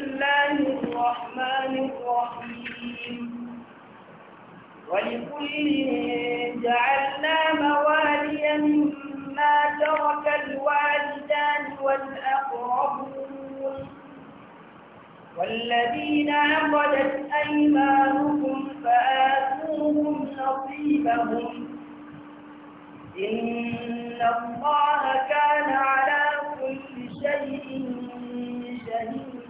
الله الرحمن الرحيم ولكل جعلنا مواليا مما ترك الوالدان والأقربون والذين عقدت أيمانهم فآتوهم نصيبهم إن الله كان على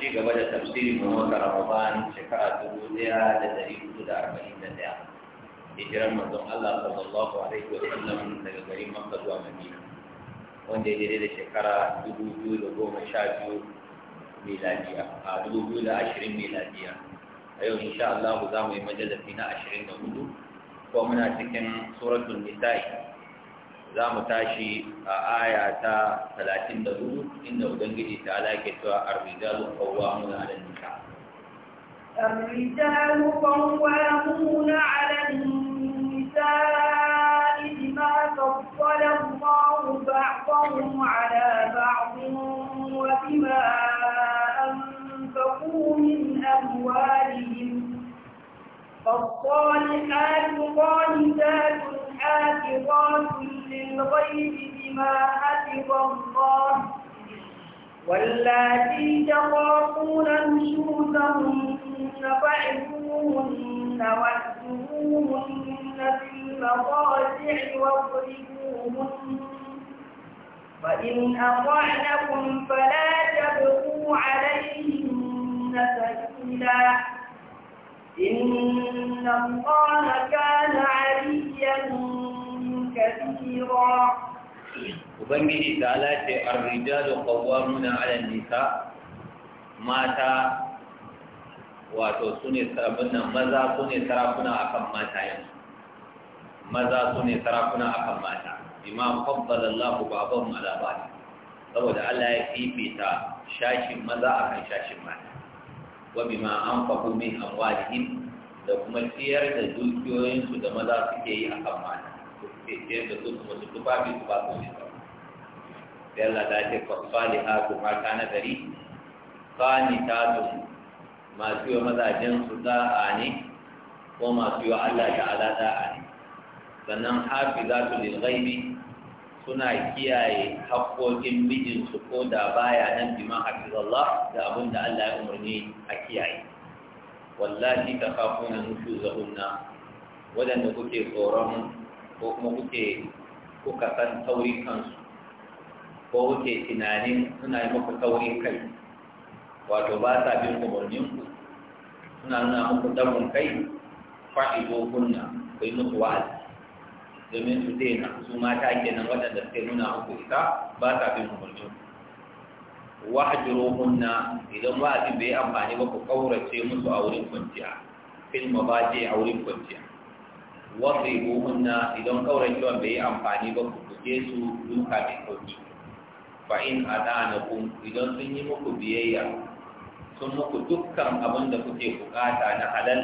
ci gaba da tafsirin mu wata Ramadan shekara dubu ɗaya da dari hudu da arba'in da ɗaya hijiran manzon Allah sallallahu alaihi wa sallam daga garin Makka zuwa Madina wanda ya daidai da shekara dubu biyu da goma sha biyu miladiya a dubu biyu da ashirin miladiya a yau insha Allah za mu yi majalisi na ashirin da hudu ko muna cikin suratul nisa'i za mu tashi a aya ta talatin da hudu inda ubangiji ta alaƙe cewa arrijalu qawwamuna 'ala an-nisa الرجال قوامون على النساء بما فضل الله بعضهم على بعض وبما أنفقوا من أموالهم فالصالحات قانتات حافظات بالغيب بما حفظ الله واللاتي تخافون نشوزهن فعفوهن واهجروهن في المضاجع واضربوهن وإن أطعنكم فلا تبقوا عليهن سبيلا إن الله كان عليا كثيرا Ubangiji ta lace arrijalu qawwamuna 'ala nisa mata wato sune sarakunan maza sune sarakuna akan mata yanzu maza sune sarakuna akan mata bima faddala Allahu ba'dahum 'ala ba'd saboda Allah ya fifita shashin maza akan shashin mata wa bima anfaqu min amwalihim da kuma siyar da dukiyoyinsu da maza suke yi akan mata ke ce da su wasu tufafi su ba su ne sai Allah ta ce fasfali ha su mata na gari fani ta su masu yi mazajen su da'a ne ko masu yi Allah ta'ala da'a ne sannan hafi za su lil ghaibi suna kiyaye haƙƙoƙin mijinsu ko da baya nan bima hafizallah da abin da Allah ya umarni a kiyaye wallahi ta kafuna nushuzahunna wadanda kuke tsoron ko kuma kuke kuka san taurin kansu ko kuke tunanin suna yi muku taurin kai wato ba sa bin ku suna nuna muku damun kai fa'ido kunna ku yi muku wa'azi domin su daina su mata kenan waɗanda suke nuna muku ita ba sa bin umarninku wahjuru kunna idan wa'azi bai amfani ba ku kaurace musu a wurin kwanciya filma ba ce a wurin kwanciya wadribuhunna idan kauran kiwon bai yi amfani ba ku kuje su duka mai sauki fa in adanakum idan sun yi muku biyayya sun muku dukkan abin da kuke bukata na halal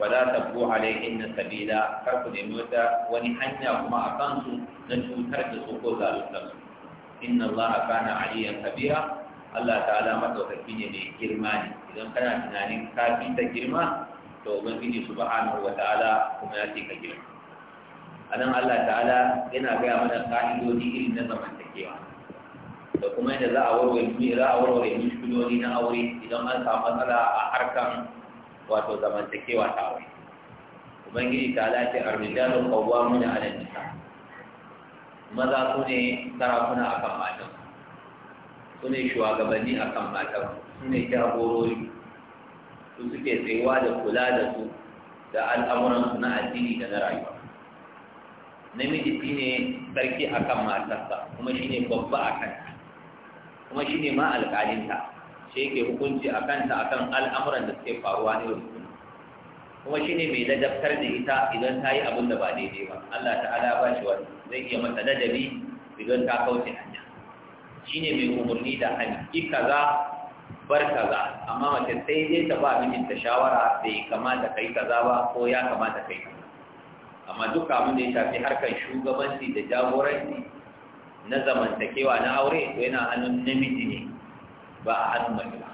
ba za ta bu halayen na sabila kar ku nemi wata wani hanya kuma a kansu na cutar da su ko zaluntar su inna allaha kana aliyan kabira Allah ta'ala madaukaki ne mai girma ne idan kana tunanin kafin ta girma to ubangiji subhanahu wataala kuma ya ce ka A anan Allah ta'ala yana gaya mana ka'idodi irin na zamantakewa da kuma yadda za a warware za a mishkiloli na aure idan an samu matsala a harkan wato zamantakewa ta aure ubangiji ta'ala ce arrijalu qawwamuna 'ala nisa maza su ne sarakuna kan matan su ne shugabanni kan matan su ne jagorori su suke tsayuwa da kula da su da al'amuransu na addini da na rayuwa namiji shi ne sarki a kan matarsa kuma shi ne babba a kanta kuma shi ne ma alƙalinta shi yake hukunci a kanta a kan al'amuran da suke faruwa ne kuma shi ne mai ladabtar da ita idan ta yi abin da ba daidai ba allah ta'ala ba shi wani zai iya mata ladabi idan ta kauce hanya shi ne mai umarni da hannu ki kaza bar kaza amma mace sai dai ta ba mijinta shawara bai kamata kai kaza ba ko ya kamata kai kaza amma duk abin da ya shafi harkar shugabanci da jagoranci na zamantakewa na aure to yana hannun namiji ne ba a hannun mace ba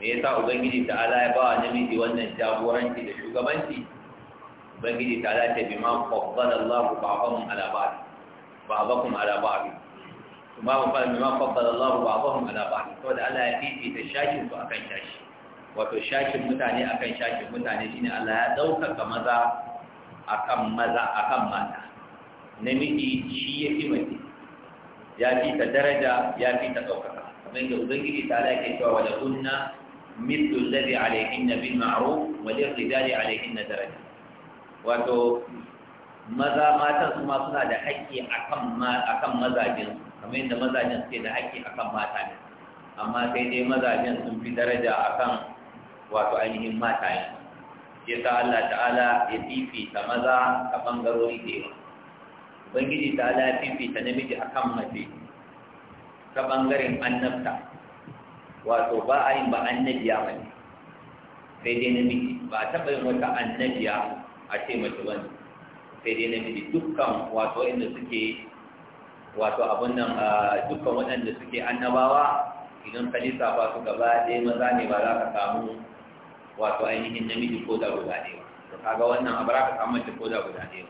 me yasa ubangiji ala ya ba wa namiji wannan jagoranci da shugabanci ubangiji ala ta bi ma faddala Allah ba'dahum ala ba'd ba'dakum ala ba'd kuma ba fara mimma faddala Allah ba'dahum ala ba'd saboda Allah ya fifita shakin su akan shashi wato shakin mutane akan shakin mutane shine Allah ya ɗaukaka maza akan maza akan mata namiji shi ya fi mace ya fi ta daraja ya fi ta ɗaukaka kamar da ubangiji ta ala ke cewa wa da kunna mithlu alladhi alayhin bil ma'ruf wa lirrijali na daraja wato maza matan su ma suna da haƙƙi akan akan mazajin kamar yadda mazajen suke da haƙƙi akan mata ne amma sai dai mazajen sun fi daraja akan wato ainihin mata ne ya sa Allah ta'ala ya fifita maza a ɓangarori da yawa ubangiji ta'ala ya fifita namiji akan mace ta ɓangaren annabta wato ba a yin ba annabiya ba ne sai dai namiji ba a taɓa yin wata annabiya a ce mace ba ne sai dai namiji dukkan wato inda suke wato abun nan dukkan waɗanda suke annabawa idan ka ba su gaba ɗaya maza ne ba za ka samu wato ainihin namiji ko da guda ɗaya to kaga wannan abu ka samu mace ko da guda ɗaya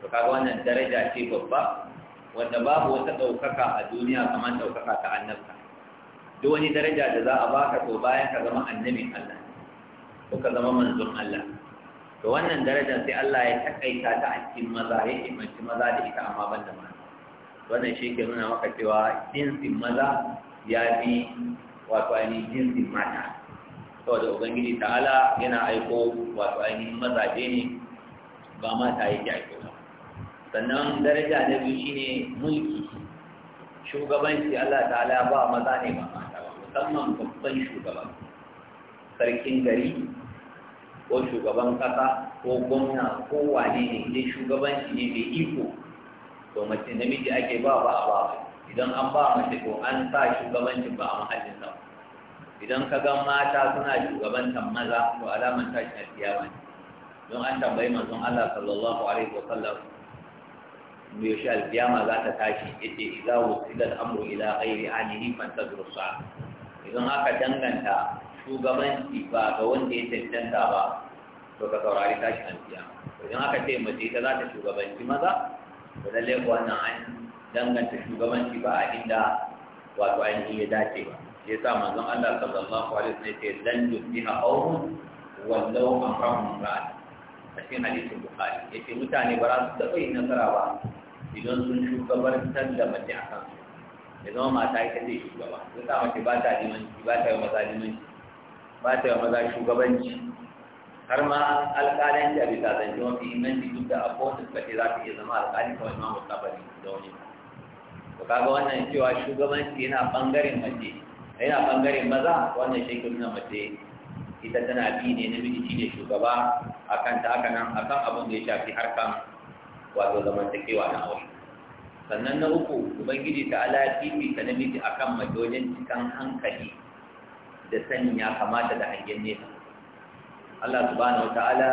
to kaga wannan daraja ce babba wanda babu wata ɗaukaka a duniya kamar ɗaukaka ta annabta duk wani daraja da za a baka to bayan ka zama annabin Allah ko ka zama manzon Allah to wannan darajar sai Allah ya takaita ta a cikin maza ya imanci maza da ita amma ban da mata wannan shi ke nuna maka cewa jinsin maza ya fi wato ainihin jinsin mata saboda ubangiji ta'ala yana aiko wato ainihin mazaje ne ba mata yake aiko ba sannan daraja na biyu shine mulki shugabanci Allah ta'ala ba maza ne ba mata ba musamman babban shugaba sarkin gari ko shugaban kasa ko gwamna ko wane ne shugabanci ne mai iko to mace namiji ake ba ba a ba idan an ba mace ko an sa shugabancin ba a mahallin sa idan ka ga mata suna shugabantar maza to alaman tashin alkiyama ne don an tambayi manzon Allah sallallahu alaihi wa sallam me yaushe alkiyama za ta tashi yace idza wusila al-amru ila ghairi ahlihi fantazuru sa'a idan aka danganta shugabanci ba ga wanda ya tantanta ba to ka saurari tashin alkiyama idan aka ce mace ita za ta shugabanci maza to lallai ko wannan an danganta shugabanci ba a inda wato ainihi ya dace ba shi yasa manzon Allah sallallahu alaihi wasallam ce lan yusbiha qaumun wallau amrahum ra'at a cikin hadisin bukhari ce mutane ba za su taɓa yi nasara ba idan sun shugabantar da mace a kan su, ya zama mata ita ce shugaba ya sa mace ba ta limanci ba ta yi maza limanci ba ta yi maza shugabanci har ma alƙalin a bisa zance mafi inganci duk da abubuwan da suka ce za su iya zama alƙali kawai ma musabari da wani to kaga wannan cewa shugabanci yana ɓangaren mace yana ɓangaren maza wannan shekaru na mace ita tana bi ne namiji shi ne shugaba a kan ta haka nan a kan abin da ya shafi harkan wato zamantakewa na aure sannan na uku ubangiji ta ala ta namiji a kan mace wajen cikan hankali da sanya ya kamata da hangen nesa Allah subhanahu ta'ala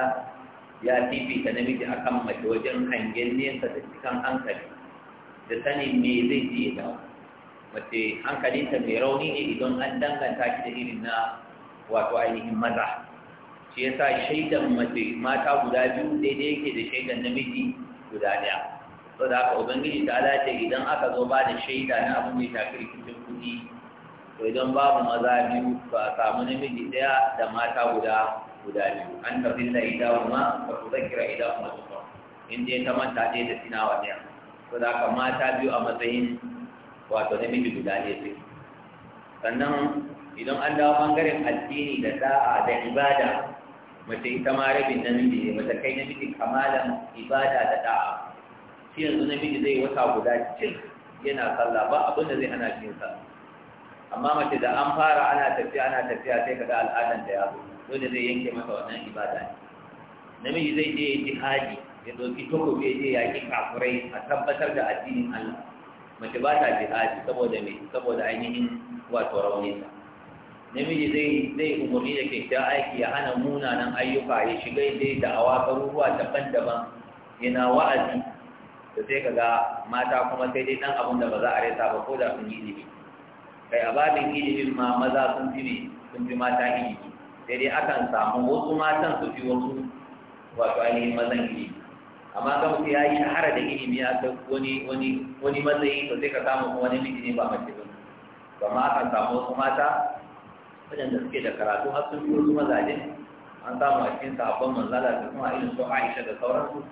ya fifita namiji akan mace wajen hangen nesa da cikin hankali da sanin me zai je da mace hankalinta mai rauni ne idan an danganta shi da irin na wato ainihin maza shi sa shaidan mace mata guda biyu daidai yake da shaidan namiji guda ɗaya to da haka ubangiji ta alace idan aka zo ba da shaida na abin da ya shafi rikicin kuɗi to idan babu maza biyu ba a samu namiji ɗaya da mata guda guda biyu an tafilla idahuma wa tuzakkira idahuma ukhra in dai ta manta ɗaya da wa ɗaya to da haka mata biyu a matsayin wato namiji guda ne su sannan idan an dawo bangaren addini da da'a da ibada mace ita ma rabin namiji ne mace kai namiji kamalan ibada da da'a shi yanzu namiji zai wata guda cin yana sallah ba abin da zai hana shi yin sallah amma mace da an fara ana tafiya ana tafiya sai kaga al'adan da ya zo dole zai yanke masa wannan ibada ne. namiji zai je jihadi ya ɗauki toko bai je yaƙi kafurai a tabbatar da addinin Allah mace ba ta jihadi saboda me saboda ainihin wato rauninsa namiji zai zai umarni da kyakkyawan aiki ya hana munanan ayyuka ya shiga da da'awa garuruwa daban-daban yana wa'azi da sai kaga mata kuma sai dai ɗan abun da ba za a rasa ba ko da sun yi ilimi kai a babin ilimin ma maza sun fi sun fi mata ilimi sai dai akan samu wasu matan su fi wasu wato ainihin mazan ilimi amma ga mutum ya yi shahara da ilimi ya ga wani wani wani matsayi to sai ka samu wani miji ne ba mace ba to amma akan samu wasu mata waɗanda suke da karatu har sun fi wasu mazaje an samu a cikin sabon manzala da kuma irin su Aisha da sauransu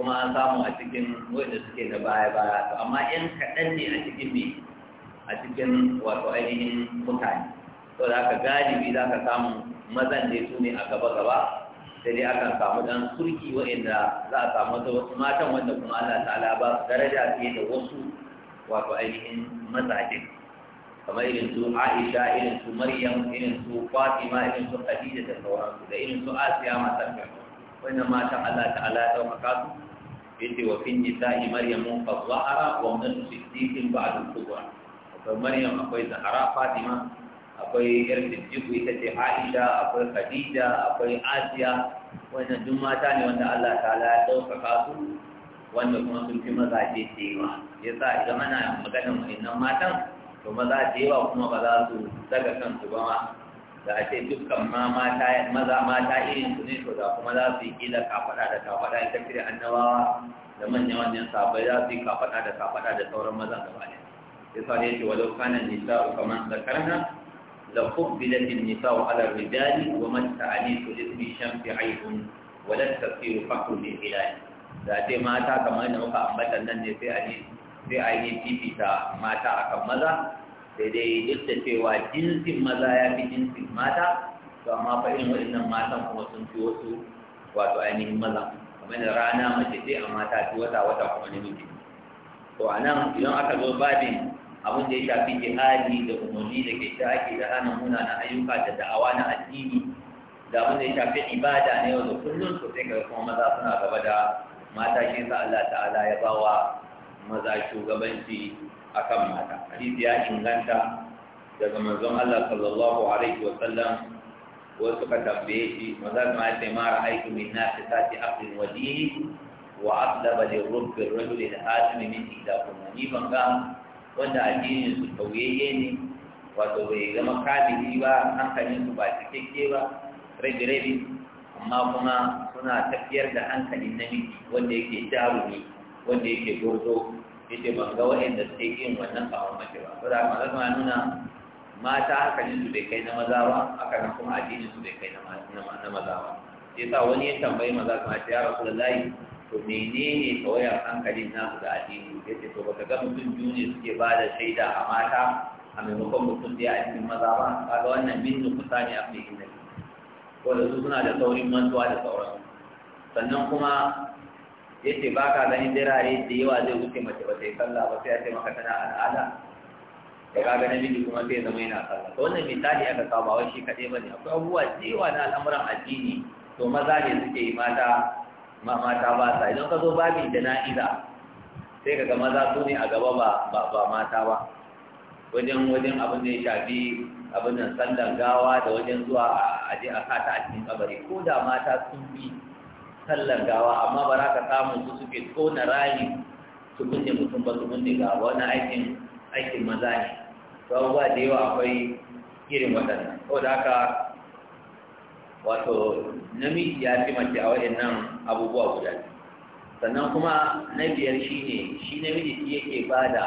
kuma an samu a cikin wanda suke da baya baya to amma yan kaɗan ne a cikin me a cikin wato ainihin mutane to da ka galibi za ka samu mazan da su ne a gaba gaba sai dai akan samu dan surki wa'inda za a samu wasu matan wanda kuma Allah ta'ala ba su daraja fiye da wasu wato ainihin mazaje kamar irin su Aisha irin su Maryam irin su Fatima irin su Khadija da sauransu da irin su Asiya matan wannan matan Allah ta'ala ya dauka su yace wa fin nisa'i Maryam fa zahara wa min siddiqin ba'd al-kubra akwai Maryam akwai Zahra Fatima akwai yar siddiqu ita ce aisha akwai khadija akwai asiya wannan duk mata ne wanda Allah ta'ala ya ɗaukaka su wanda kuma sun fi ce da yawa yasa idan ana maganar wannan matan to maza ce ba kuma ba za su daga kansu ba ma da ake dukkan ma mata maza mata irin su ne to da kuma za su yi kila kafada da kafada ita da annabawa da manyan wannan sabai za su yi kafada da kafada da sauran mazan gaba ne yasa ne ce wadau kanan nisa kaman zakarna لقبلت النساء على الرجال وما التعنيف لاسم الشمس عيب ولا التفسير فحل للهلال da ce mata kamar da muka ambata nan ne sai a yi fifita mata akan maza sai dai duk da cewa jinsin maza ya fi jinsin mata to amma fa irin waɗannan matan kuma sun fi wasu wato ainihin maza kamar da rana mace ce amma ta fi wata wata kuma to a nan idan aka zo babin abin da ya shafi jihadi da umarni da ke shaki da hana munana ayyuka da da'awa na addini da abin da ya shafi ibada na yau da kullum su sai ga kuma maza suna gaba da mata shi sa Allah ta'ala ya bawa maza shugabanci akan mata hadisi ya inganta daga manzon Allah sallallahu alaihi wa sallam wasu ka tambaye shi manzon ma ya ce ma ra'aytu min nasi sati aqlin wa dini wa aqlaba lirubbi ar-rajuli al-hatim min ihdakum ni ban ga wanda addinin su tauyayye ne wato bai zama kamili ba hankalin su ba cikakke ba rabi rabi amma kuma suna tafiyar da hankalin namiji wanda yake jarumi wanda yake gurzo yake ban ga waɗanda suke yin wannan kamar mace ba saboda haka suna nuna mata hankalin su bai kai na maza ba haka nan kuma addinin su bai kai na maza ba sai sa wani ya tambayi maza kuma ya rasu da layi to menene tsawayan hankalin nasu da addini ya ce to ba ka ga mutum biyu ne suke ba da shaida a mata a maimakon mutum da ya addinin maza ba ga wannan ku nukusa ne a mai inda ko da su suna da saurin mantuwa da sauransu sannan kuma ya ce ba ka ganin dirare da yawa zai wuce mace ba sai sallah ba sai ya ce maka tana al'ada da ka ga namiji kuma sai zama yana sallah to wannan misali aka kawo ba wai shi kaɗai ba ne akwai abubuwa da yawa na al'amuran addini to maza ne suke yi mata ma mata ba sa idan ka zo babin jana'iza sai ka gama maza su ne a gaba ba ba mata ba wajen wajen abin da ya shafi abin da sallan gawa da wajen zuwa a je a sata a cikin kabari ko da mata sun bi sallan gawa amma ba za ka samu su suke tona rayu su binne mutum ba su binne ga wani aikin aikin maza ne to ba da yawa akwai irin waɗannan ko da haka wato namiji ya fi mace a waɗannan abubuwa guda biyu sannan kuma na biyar shi ne shi namiji shi yake ba da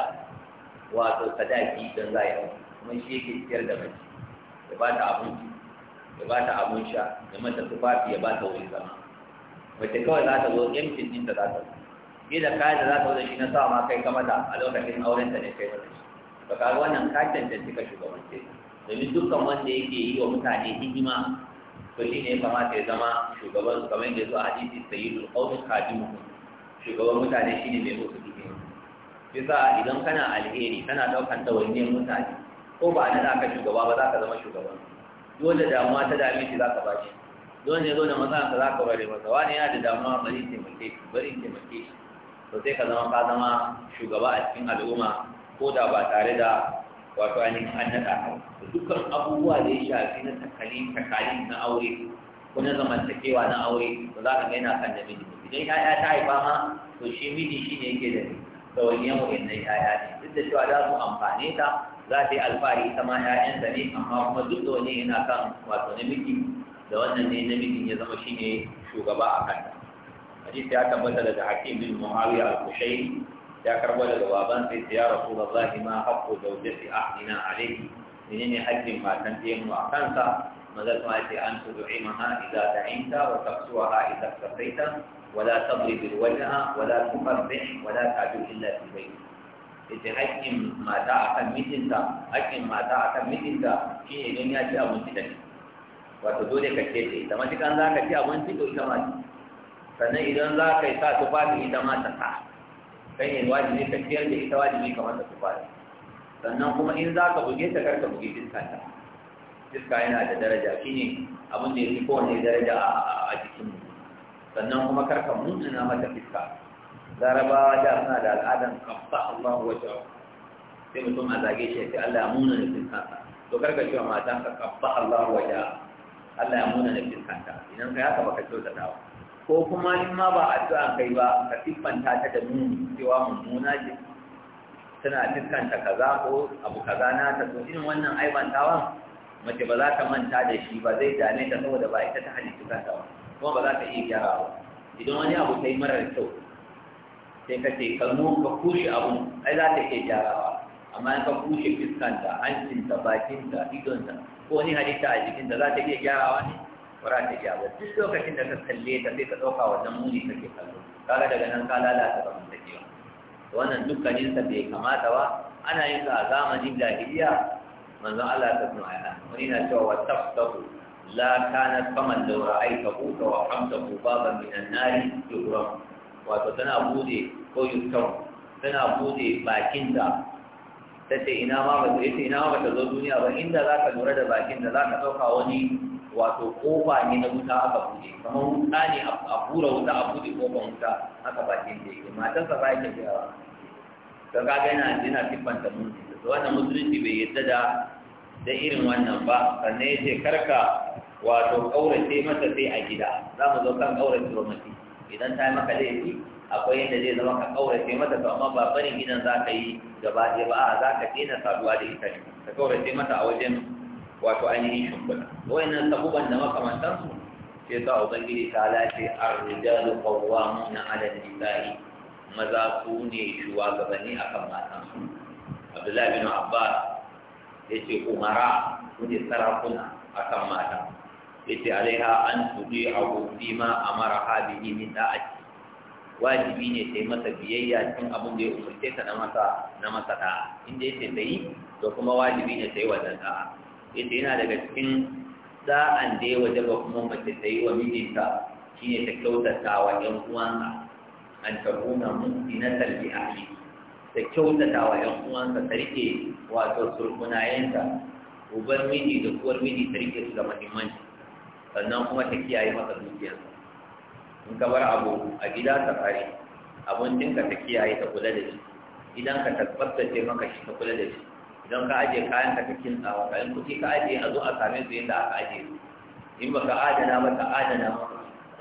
wato sadaki don za a kuma shi yake siyar da mace ya ba ta abinci ya ba ta abin sha ya mata tufafi ya ba ta wuri zama mace kawai za ta zo yamcin ɗinta za ta zo da kayan da za ta zo shi na sawa ma kai ka a lokacin aurenta ne kai mata shi ba ka wannan ka cancanci ka shugabance domin dukkan wanda yake yi wa mutane hidima to shi ne kamata ya zama shugaban kamar yadda zuwa hadisi sayyidul kaji khadimuhum shugaban mutane shi ne mai musu shi sa idan kana alheri kana daukan tawayyar mutane ko ba na ka shugaba ba za ka zama shugaban dole damuwa ta dame shi za ka ba shi dole ne dole da ka za ka bari masa wani yana da damuwa bari taimake shi bari taimake shi to sai ka zama ka zama shugaba a cikin al'umma ko da ba tare da wato ainihin an naɗa dukkan abubuwa da ya shafi na takali na aure ko na zamantakewa na aure to za ka ga yana kan da miji idan ya'ya ta haifa ma to shi miji shi ne yake da ni in wa'annan ya'ya ne duk da cewa za su amfane ta za ta yi alfahari ita ma ya'yanta ne amma kuma duk da wani yana kan wato namiji da wannan ne namijin ya zama shi ne shugaba a kanta hadisi ya tabbata daga hakim bin muawiya al-kushairi ya karbo daga baban sai ya rasulullah ma haqqu zawjati ahlina alayhi menene haƙƙin matan ɗayan mu a kansa mazal ma ce an su ma tud'imaha ta ta'inta wa taqsuha idza qasaita ولا تضرب الوجه ولا تقبح ولا تعدل إلا في بيتك ita haƙƙin mata a kan mijinta haƙƙin mata a kan mijinta shi ne don ya ci abinci da ni wato dole ka ce ta ita matukan za ka ci abinci to ita ma sannan idan za ka yi sa tufafi ita ma ta sa kai ne wajibi ka ciyar da ita wajibi kamar da su fara sannan kuma in za ka buge ta karka buge fiska ta fiska yana da daraja ne abin da ya fi kowane daraja a jikin mu sannan kuma karka mutuna mata fiska larabawa da suna da al'adan kafa Allahu wajen sai mutum a zage shi sai Allah ya muna da fiskanta to karka wa matan ka kafa Allahu wajen Allah ya muna da fiskanta idan ka yaka baka kyauta dawa ko kuma in ma ba a addu'a kai ba ka siffanta ta da nuni cewa mummuna ce tana fiskanta kaza ko abu kaza na ta so irin wannan aibantawan mace ba za ta manta da shi ba zai dame ta saboda ba ita ta halittu ta ba kuma ba za ta iya gyara ba idan wani abu ta yi marar kyau sai ka ce kalmo ka kushe abu ai za ta iya gyara ba, amma in ka kushe fiskanta hancinta bakinta idonta ko wani halitta a jikinta za ta iya gyara ne fara da jawo duk lokacin da ka kalle ta sai ka ɗauka wannan muni kake kallo kaga daga nan ka lalata ba mun take wannan dukkanin sa bai kamata ba ana yin sa a zamanin jahiliya manzo Allah ta kuma ayana wani na cewa wattaqu la kanat faman ku ka wa ku baba min an-nar yuhram wato tana bude ko yustau tana bude bakin da ta ce ina ma ba ta ina ma ba ta zo duniya ba inda za ka lura da bakin da za ka ɗauka wani wato kofa ne na wuta aka bude kamar wuta ne a bura wuta a bude kofa wuta aka bakin da yake matarsa ba yake jawa ka ga yana yana tibbanta ta to wannan musulunci bai yadda da da irin wannan ba sannan ya ce karka wato kaurace mata sai a gida za mu zo kan kaurace wa mace idan ta yi maka laifi akwai yadda zai zama ka kaurace mata to amma ba barin gidan za ka yi gaba ɗaya ba a za ka daina saduwa da ita ne ka kaurace mata a wajen wato ainihin shimfiɗa Wai nan sabuban da makamantansu sai sa ubangiji ta lace ar-rijalu qawwamuna 'ala an-nisa'i maza su ne shugabanni akan matan su Abdullahi bin Abbas yace umara su ne sarakuna akan matan ce alaiha an ma a bima amara habihi min da'ati wajibi ne ta yi masa biyayya cikin abin da ya umarce ta na masa na masa da'a inda ta yi, to kuma wajibi ne ta yi sai wannan Ya ce yana daga cikin sa'an da ya waje ba kuma mace ta yi wa mijinta shi ne ta kyautata wa ‘yan uwanka, an tarhuna musinatar bi ahli ta kyautata wa ‘yan uwanka ta rike wato surkunayenta uban miji da kuwar miji ta rike su da mahimmanci sannan kuma ta kiyaye masa dukiyarsa in ka bar abu a gida ta fare abincinka ta kiyaye ta kula da shi idan ka tabbatar da maka shi ta kula da shi idan ka ajiye kayan ka kakin tsawa kayan kuɗi ka ajiye a zo a same su yadda aka ajiye su in baka adana ba ka adana ba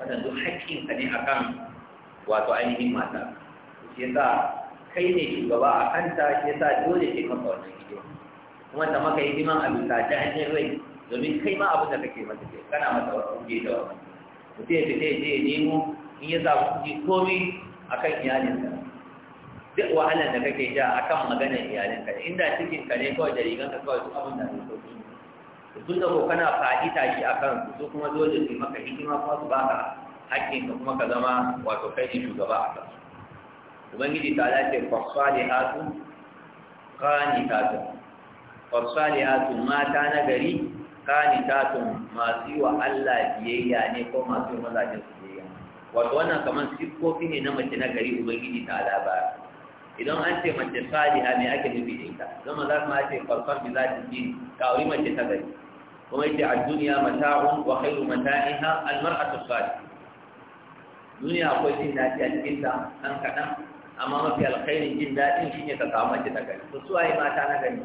wannan duk haƙƙin ka ne akan wato ainihin mata shi yasa kai ne shugaba a kanta shi yasa dole ke maka wannan ido? kuma ta maka hidiman a bisa ta hanyar rai domin kai ma abin da kake mata ke kana mata wasu kuɗi da wani mutum ya fita ya je ya nemo in ya zaɓi kuɗi komai akan iyalinsa duk wahalar da kake sha kan maganar iyalinka inda cikin ka ne kawai da ka kawai su abin da zai su tun da ko kana fa'ita shi kan su kuma dole su maka hikima kuma su baka hakkin ka kuma ka zama wato kai ne shugaba a kan ubangiji ta lafiya fasfali hatu kani tatu fasfali hatu mata na gari kani tatu masu yi wa Allah biyayya ne ko masu yi mazajen su biyayya wato wannan kamar sifofi ne na mace na gari ubangiji ta labara idan an ce mace saliha ne ake nufi da ita zama za ma mace farkon bi za ta ji kawai auri mace ta gari kuma yake a duniya mata'un wa khairu mata'iha al mar'atu salih duniya akwai jin daɗi a cikin ta an kaɗan amma mafi alkhairin jin daɗin shi ne ka kawo mace ta gari to su waye mata na gari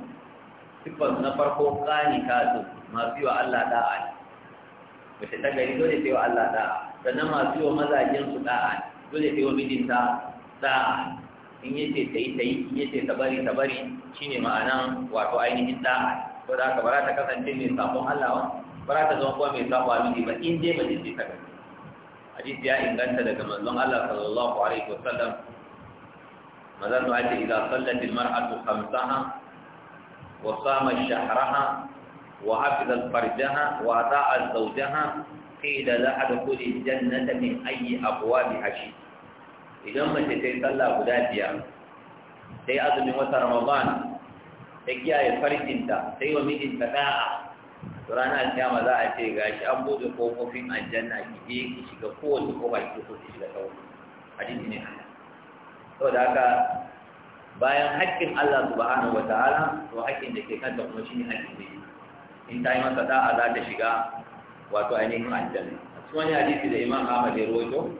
sifar na farko kani kasu masu yi wa Allah da'a ne mace ta gari dole sai wa Allah da'a sannan masu yi wa mazajen su da'a ne dole sai wa mijinta da'a in yace tayi tayi in yace ta bari ta bari shine ma'anan wato ainihin da'a ko da haka ba ta kasance mai sabon Allah ba ba ta zama kuma mai sabon Allah ba in dai ba ce ta gani hadisi ya inganta daga manzon Allah sallallahu alaihi wasallam mazan da ake idan sallat almar'atu khamsaha wa sama shahraha wa hafiza farjaha wa ata'a zawjaha qila la adkhuli jannata min ayyi abwabiha shi'a idan mace ta yi sallah guda biyar ta yi azumin wata ramadan ta kiyaye farkinta ta yi wa mijinta da'a to ranar alkiyama za a ce ga shi an buɗe kofofin aljanna ki je ki shiga kowace kofa ki so ki shiga ta wani hadisi ne da haka bayan haƙƙin Allah subhanahu wa ta'ala to haƙƙin da ke kanta kuma shine haƙƙin ne in ta yi masa da'a za ta shiga wato ainihin aljanna a cikin wani hadisi da Imam Ahmad ya rawaito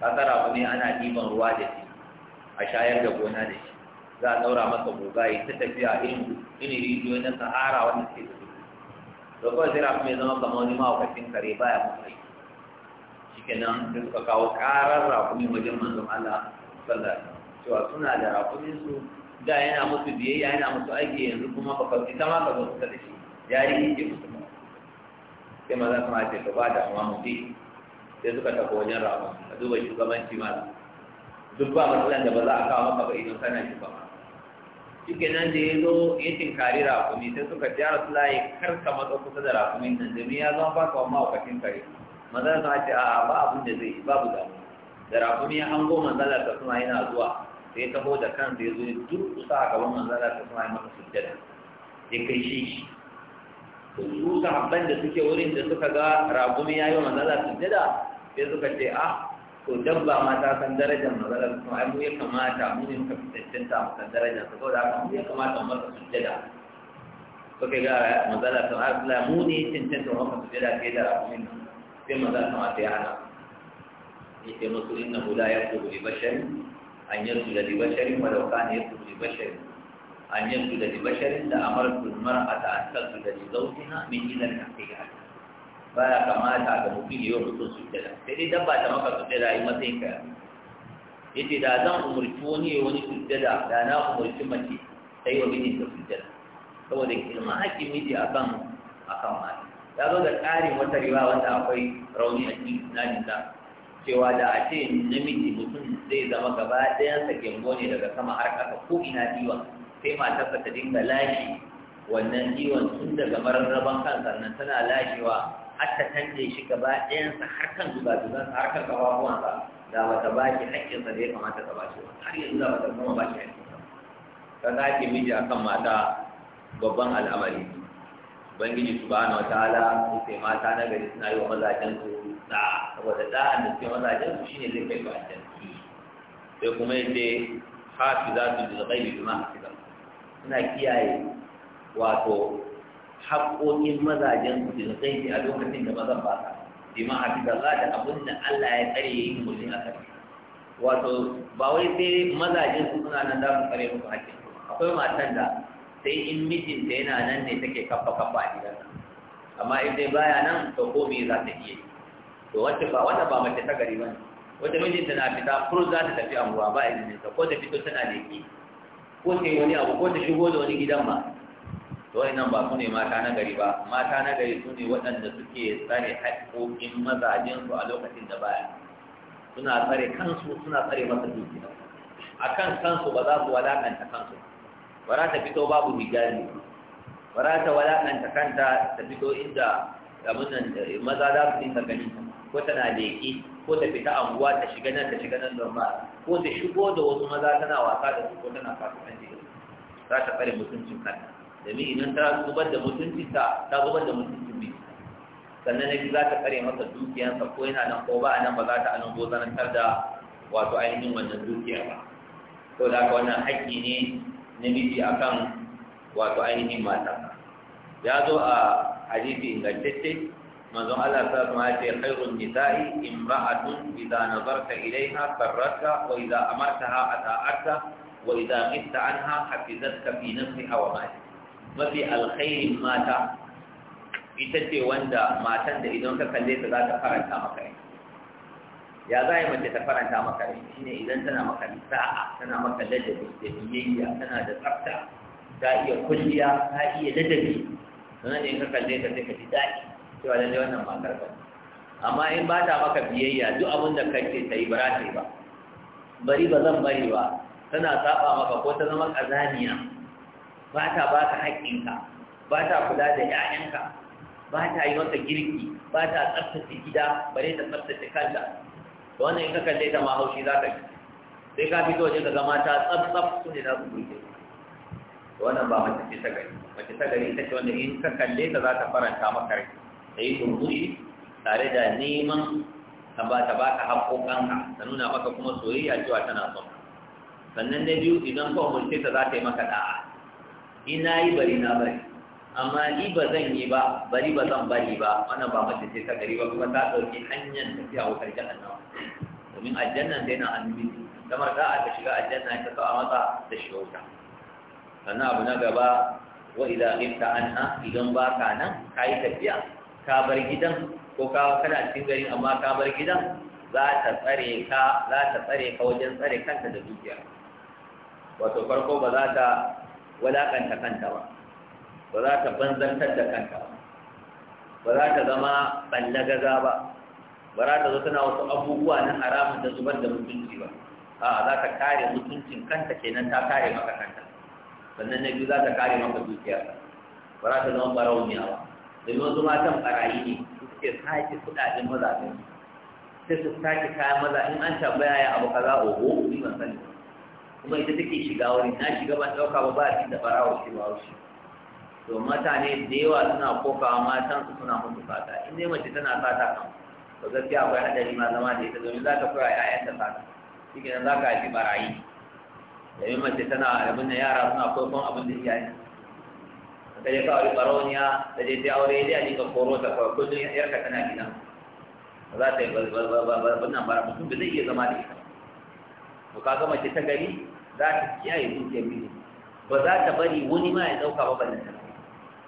kasar abu ne ana ɗiban ruwa da shi a shayar da gona da shi za a ɗaura masa guga ta tafiya irin irin rijiyoyi na sahara wanda suke da su da kawai sai rafi mai zama kamar wani mahaukacin kare baya mutu shi kenan da suka kawo ƙarar rakumi wajen manzon Allah sallallahu alaihi wasallam cewa suna da rakumin su da yana musu biyayya yana musu aiki yanzu kuma ba ka ita ma ka zo kusa da shi ya yi ke musu sai maza kuma ce ka ba da amma mu bi sai suka tafi wajen rawa ka duba shugabanci ma duk ba matsalan da ba za a kawo maka ba idan kana ba shi nan da ya zo ya tinkari rakumi sai suka ji yara sulaye kar ka matsa kusa da rakumin nan domin ya zama ka wa kari. kare manzala sun ce a ba abin da zai yi babu damu da rakumi ya hango manzala ta suna yana zuwa sai ya taho da kansa ya zo ya durkusa a gaban matsalar ta suna masa sujjada ya kai shi shi su sahabban da suke wurin da suka ga rakumi ya yi wa manzala sujjada sai suka ce a to dabba ma ta san darajar mazalar su ai mu ya kamata mu ne muka ta mu san darajar su saboda haka mu ya kamata mu masa sujjada suka ga mazalar sun arzula mu ne ta mu masa sujjada ke da rakumin nan sai mazalar ta ta yana ni ya mu musu na bula ya ku bi bashari an yi su da li bashari da kan ya kudu bi bashari an yi su da bi bashari da amartu mara a ta su da li zaujina min ilan haƙiƙa baya kamata ga mutum ya yi mutum sujjada sai dai dabba ta maka sujjada yi matsayin ka yace da zan umurci wani ya wani sujjada da na umurci mace ta yi wa mijinta sujjada saboda girma haƙƙin miji akan akan mata ya zo da ƙarin wata riba wanda akwai rauni a cikin tunanin ta cewa da a ce namiji mutum zai zama gaba ɗayansa gembo ne daga sama har ƙasa ko ina diwa sai matarsa ta dinga lashe wannan diwan tun daga mararraban kansa nan tana lashewa har ta kange shi gaba ɗayansa har kan dubadubansa har kan ƙafafuwansa da ta baki shi sa da ya kamata ta ba har yanzu da ta kuma ba shi sa ka za ki miji a kan mata babban al'amari ubangiji subhanahu wataala sai mata na gari suna yi wa mazajen su da saboda an da suke mazajen su shine zai kai ba aljanna sai kuma za su bi zaɓai ghaibi bima hafizallah suna kiyaye wato haƙoƙin mazajen ke a lokacin da mazan ba sa bima hafiz za da abin da Allah ya tsare yi mulkin a kai wato ba wai sai mazajen su suna nan za su tsare musu haƙƙin akwai matan da sai in mijinta yana nan ne take kafa kafa a gidansa amma in dai baya nan to ko me za ta iya to wacce ba wanda ba mace ta gari ba ne. wata mijinta na fita fur za ta tafi anguwa ba a yi ko ta fito tana da ko ta yi wani abu ko ta shigo da wani gidan ba to nan ba su ne mata na gari ba mata na gari su ne waɗanda suke tsare haƙoƙin mazajensu a lokacin da baya suna tsare kansu suna tsare masa dukiya a kan kansu ba za su walaƙanta kansu ba za ta fito babu hijabi ba za ta walaƙanta kanta ta fito inda abin eh, maza za su dinga ganin ko tana leƙi ko ta fita anguwa ta shiga nan ta shiga nan don ba ko ta shigo da wasu maza tana wasa da su ko tana kasuwanci za ta tsare mutuncin kanta domin idan ta zubar da mutunci ta ta zubar da mutunci bi sannan na za ta kare masa dukiyansa ko yana nan ko ba a nan ba za ta anan gozanantar da wato ainihin wannan dukiyar ba to da haka wannan haƙƙi ne na miji kan wato ainihin mata ya zo a hadisi ingantacce manzon Allah ta kuma ce khairun nisa'i imra'atun idza nazarta ilayha sarratka wa idza amartaha ata'ata wa idza qitta anha hafizatka fi nafsiha wa mali mafi alkhairin mata ita ce wanda matan da idan ka kalle ta za ta faranta maka rai ya za yi mace ta faranta maka rai ne idan tana maka sa'a tana maka ladabi da biyayya tana da tsafta ta iya kulliya ta iya ladabi sannan ne ka kalle ta sai ka ji daɗi cewa lallai wannan matar ka amma in ba ta maka biyayya duk abin da ce ta yi ba ba bari ba zan bari ba tana saba maka ko ta zama ƙazaniya ba ta ba ka haƙƙinka ba ta kula da 'ya'yanka ba ta yi maka girki ba ta tsaftace gida bare ta tsaftace kanta da wannan in ka kalle ta ma haushi za ka yi sai ka fito waje ka ga mata tsaf su ne za su burge da wannan ba mace ce ta gari mace ta gari ita ce wanda in ka kalle ta za ta faranta maka rai ta yi turbushi tare da neman ta ba ta ba ka haƙoƙanka ta nuna maka kuma soyayya cewa tana son sannan na biyu idan ka mulke ta za ta yi maka da'a ina yi bari na bari amma ni ba zan yi ba bari ba zan bari ba wannan ba mace ce ta gari ba kuma ta ɗauki hanyar tafiya wutar jihar nawa domin aljanna dai na biyu kamar za a ta shiga aljanna ta kawo mata da shiga wuta sannan abu na gaba wa idan ta anha idan ba ka nan ka yi tafiya ka bar gidan ko ka kana cikin gari amma ka bar gidan za ta tsare ka za ta tsare ka wajen tsare kanta da dukiya wato farko ba za ta Wala kanta kanta ba ba za ta banzantar da kanta ba ba za ta zama ɓallagaza ba ba za ta zo tana wasu abubuwa na haramun da zubar da mutunci ba a za ta kare mutuncin kanta kenan ta kare maka kanta sannan na biyu za ta kare maka dukiyar ba za ta zama barauniya ba domin wasu matan barayi ne suke sake kuɗaɗen mazaɓen sai su sake kayan maza in an tambaya ya abu kaza oho ni ban sani kuma ita take shiga wani na shiga ban dauka ba ba a cikin da farawa shi ba shi to mutane da yawa suna kokawa matan su suna mutu fata in dai mace tana fata kan to gaskiya akwai haɗari ma zama da ita domin za ta koya ƴaƴanta fata shi za ka yi barayi domin mace tana abin da yara suna kokon abin da iyaye ta je kawai barauniya da je ta aure dai a dinga koro ta kawai kullum yarka tana gidan ba za ta yi balbalbalbalbal nan bara mutum ba zai iya zama da ita ba ka ga mace ta gari za ta kiyaye dukiyar miji ba za ta bari wani ma ya dauka ba balle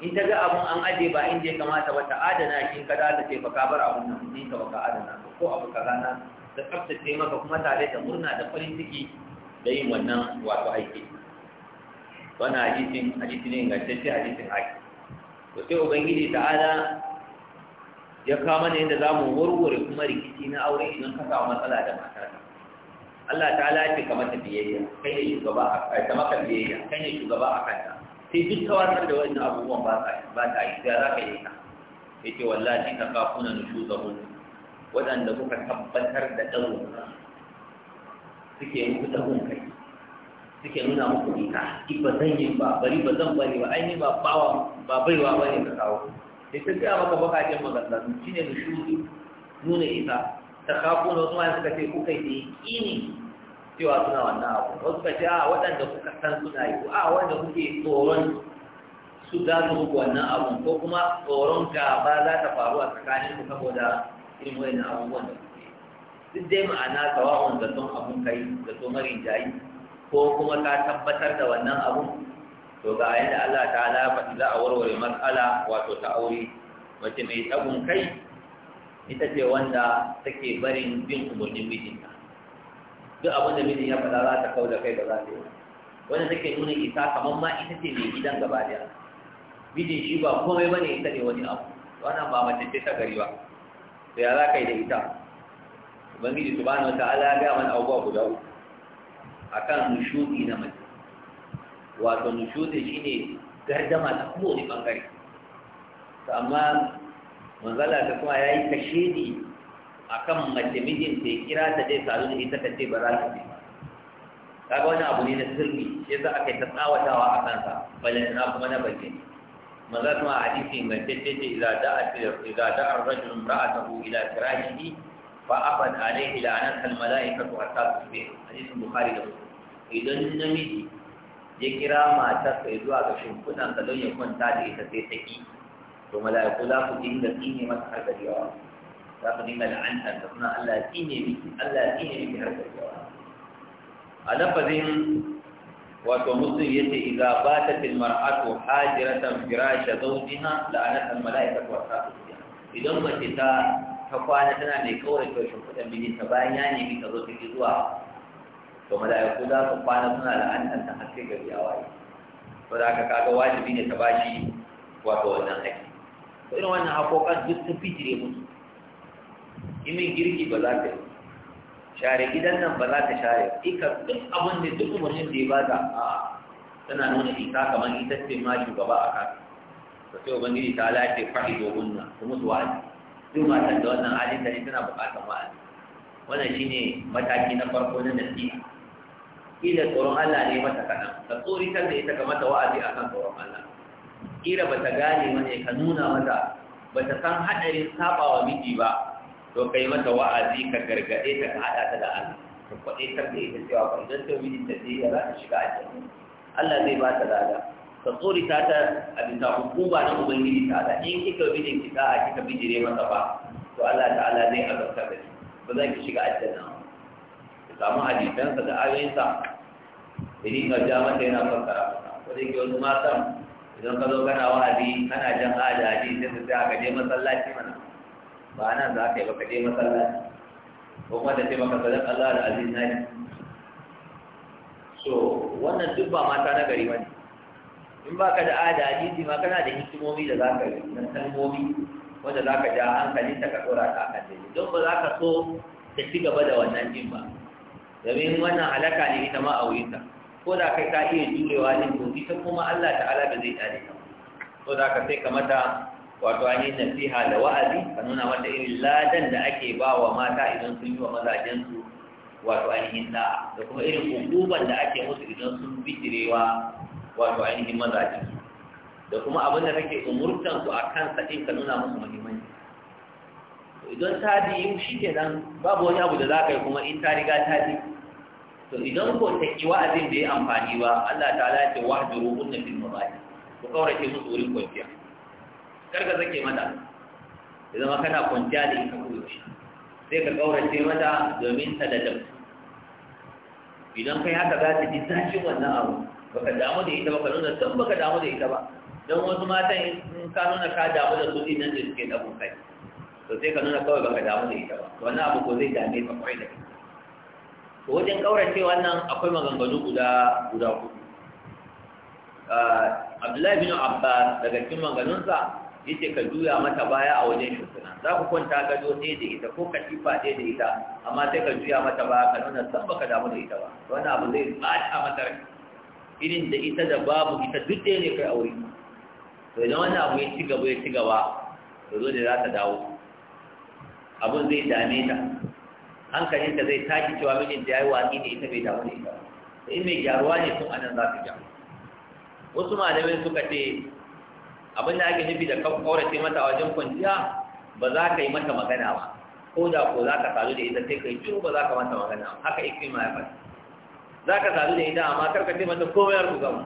in ta ga abun an aje ba inda ya kamata ba ta adana shi kada ta ce ka bar abun nan sai ka baka adana ko abu kaza na ta tsaftace maka kuma tare da murna da farin ciki da yin wannan wato aiki wannan hadisin hadisi ne ingantacce hadisin aiki to sai ubangiji ta'ala ya kama ne yadda za mu warware kuma rikici na aure idan ka samu matsala da matarka Allah ta ce ka mata biyayya kai ne shugaba a kai ta maka biyayya kai ne shugaba a kanta sai duk tawatar da wannan abubuwan ba ta ba ta yi sai za ka yi ta yace wallahi ta kafuna nushuzahum wadanda kuka tabbatar da dawo suke muku tsawon kai suke nuna muku ita ki ba zan yi ba bari ba zan bari ba ai ba bawa ba baiwa ba ne ka kawo sai ta gaya maka bakajen maganganu shine nushuzu nuna ita ta kafu na wasu ma suka ce kuka yi kini cewa suna wannan abu wasu ka ce a waɗanda kuka san suna yi a wanda kuke tsoron su za su muku wannan abun ko kuma tsoron gaba za ta faru a tsakanin ku saboda irin wannan abubuwan da kuke duk dai ma'ana tawawon da son abun kai da son marin jayi ko kuma ka tabbatar da wannan abun to ga yadda Allah ta'ala ya faɗi za a warware mas'ala wato ta aure mace mai tabun kai ita ce wanda take barin bin umarnin mijinta duk abin da mijin ya faɗa za ta kau da kai ba za ta yi wanda take nuna isa kamar ma ita ce mai gidan gaba daya mijin shi ba komai ba ne ita ne wani abu wannan ba mace ce ta gari ba to ya za ka yi da ita ubangiji subhanahu wata ya gaya mana abubuwa guda uku akan nushuɗi na mace wato nushudi shine gardama ta kowane bangare amma manzala ta kuma ya yi kashedi a kan mace mijinta ya kira ta dai salu da ita ta ce ba za ta ce kaga wani abu ne na sirri sai za a kai ta tsawatawa a kansa na kuma na bayyana maza kuma a hadisi mai tace ce idza da'a idza da'a a rajulu imra'atahu ila firashi fa afad alayhi la'anat al-mala'ikatu hatta tusbih hadisi bukhari da muslim idan namiji ya kira sai zuwa ga shimfiɗan ka don ya kwanta da ita sai ta ki to mala'iku za ku dinga tsine masa har za ku dinga la'anta da suna Allah ya tsine miki Allah ya tsine miki har da yawa a lafazin wato muslim yace idza batat al mar'atu hajiratan firasha zawjiha la'anat al mala'ikatu wa sa'atuha idan mace ta ta kwana tana da kawai to shin kudin mijinta bayan ya nemi zo zuwa to za kwana suna ta wajibi ne ta bashi wato wannan aiki irin wannan haƙoƙan duk sun fitire musu imin girki ba za ta yi share gidan nan ba za ta share ika duk abin da duk umarnin da ya ba ta a tana nuna Isa kamar ita ce ma shugaba a kan to sai ubangiji ta lafi fahi domin na su mutu wa'azi duk matan da wannan halin da ne tana buƙatar wa'azi wannan shine mataki na farko na nasiha kila tsoron Allah ne mata kaɗan ka tsoritar da ita ga mata wa'azi akan tsoron Allah kira ba ta gane mace ka nuna mata ba ta san haɗarin saɓawa miji ba to kai mata wa'azi ka gargaɗe ta ka haɗa ta da Allah ka kwaɗe ta da ita cewa ba idan ta miji ta je ya za ta shiga aljanna Allah zai ba ta lada ka tsori ta ta a bisa hukuma na ubangiji ta da in kika mijin ki ta a kika bijire masa ba to Allah ta'ala zai azabta da shi ba za ki shiga aljanna ki samu hadisansa da ayoyinsa idan ka ja mata yana fassara masa ko dai ki wani matan idan ka zo kana wa'azi kana jan hada hadisi sai sai ka je masallaci mana ba ana za ka yi ba ka je masallaci ko kuma da sai baka sadaka Allah da aziz na so wannan duk ba mata na gari bane in ba ka da ada hadisi ma kana da hikimomi da za ka yi na kalmomi wanda za ka ja hankali ta ka dora ka akan daidai don ba za ka so ta ci gaba da wannan din ba domin wannan halaka ne ita ma a wuyinta ko da kai ka iya jurewa ne to ita kuma Allah ta'ala da zai tare ka Ko da ka sai ka mata wato an yi nasiha da wa'azi ka nuna mata irin ladan da ake ba wa mata idan sun yi wa mazajensu wato ainihin da da kuma irin hukuban da ake musu idan sun bijirewa wato ainihin mazajensu da kuma abin da kake umurtan su a kansa in ka nuna musu muhimmanci idan ta biyu shi ke nan babu wani abu da za ka yi kuma in ta riga ta biyu to idan ko ta ki wa'azin da ya amfani ba Allah ta'ala ya ce wahduru kunna fil ko ku kaurace musu wurin kwanciya karka zake mata ya zama kana kwanciya da ita shi sai ka kaurace mata domin ta da dabu idan kai haka za ta ji tashin wannan abu baka damu da ita baka nuna san baka damu da ita ba don wasu matan in ka nuna ka damu da su nan da suke dabu kai to sai ka nuna kawai baka damu da ita ba wannan abu ko zai dame ka kwai da ita to wajen kaurace wannan akwai maganganu guda guda kudu ah, Abdullahi bin Abbas daga cikin maganunsa yace ka juya mata baya a wajen shukuna za ku kwanta gado ɗaya da ita ko katifa ɗaya da ita amma sai ka juya mata baya ka nuna san baka damu da ita ba wannan abu zai ɓata mata irin da ita da babu ita duk ɗaya ne kai aure to idan wannan abu ya ci gaba ya ci gaba to zo da za ta dawo abun zai dame ta da zai tashi cewa mijinta ya yi watsi ne ita bai damu da ita in mai gyaruwa ne sun anan za su gyaru wasu malamai suka ce abin da ake nufi da kaurace mata a wajen kwanciya ba za ka yi mata magana ba ko da ko za ka sadu da ita sai ka yi shiru ba za ka mata magana ba haka ma ya faɗi za ka sadu da ita amma kar ka ce mata komai har ku gama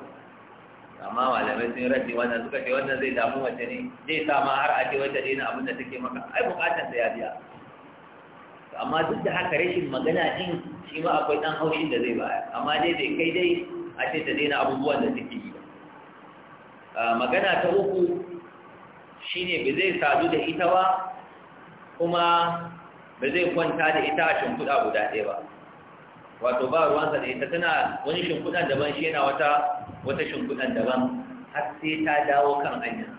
amma malamai sun rage wannan suka ce wannan zai damu wacce ne zai sa ma har a ce wacce ne abin da take maka ai bukatar ta ya biya amma duk da haka rashin magana din shi ma akwai ɗan haushin da zai baya amma dai bai kai dai a ce ta daina abubuwan da suke yi ah, magana ta uku shine ba zai sadu da ita ba kuma ba zai kwanta da ita a shimfiɗa guda ɗaya ba wato ba ruwansa da ita tana wani shimfiɗan daban shi yana wata wata shimfiɗan daban har sai ta dawo kan hanya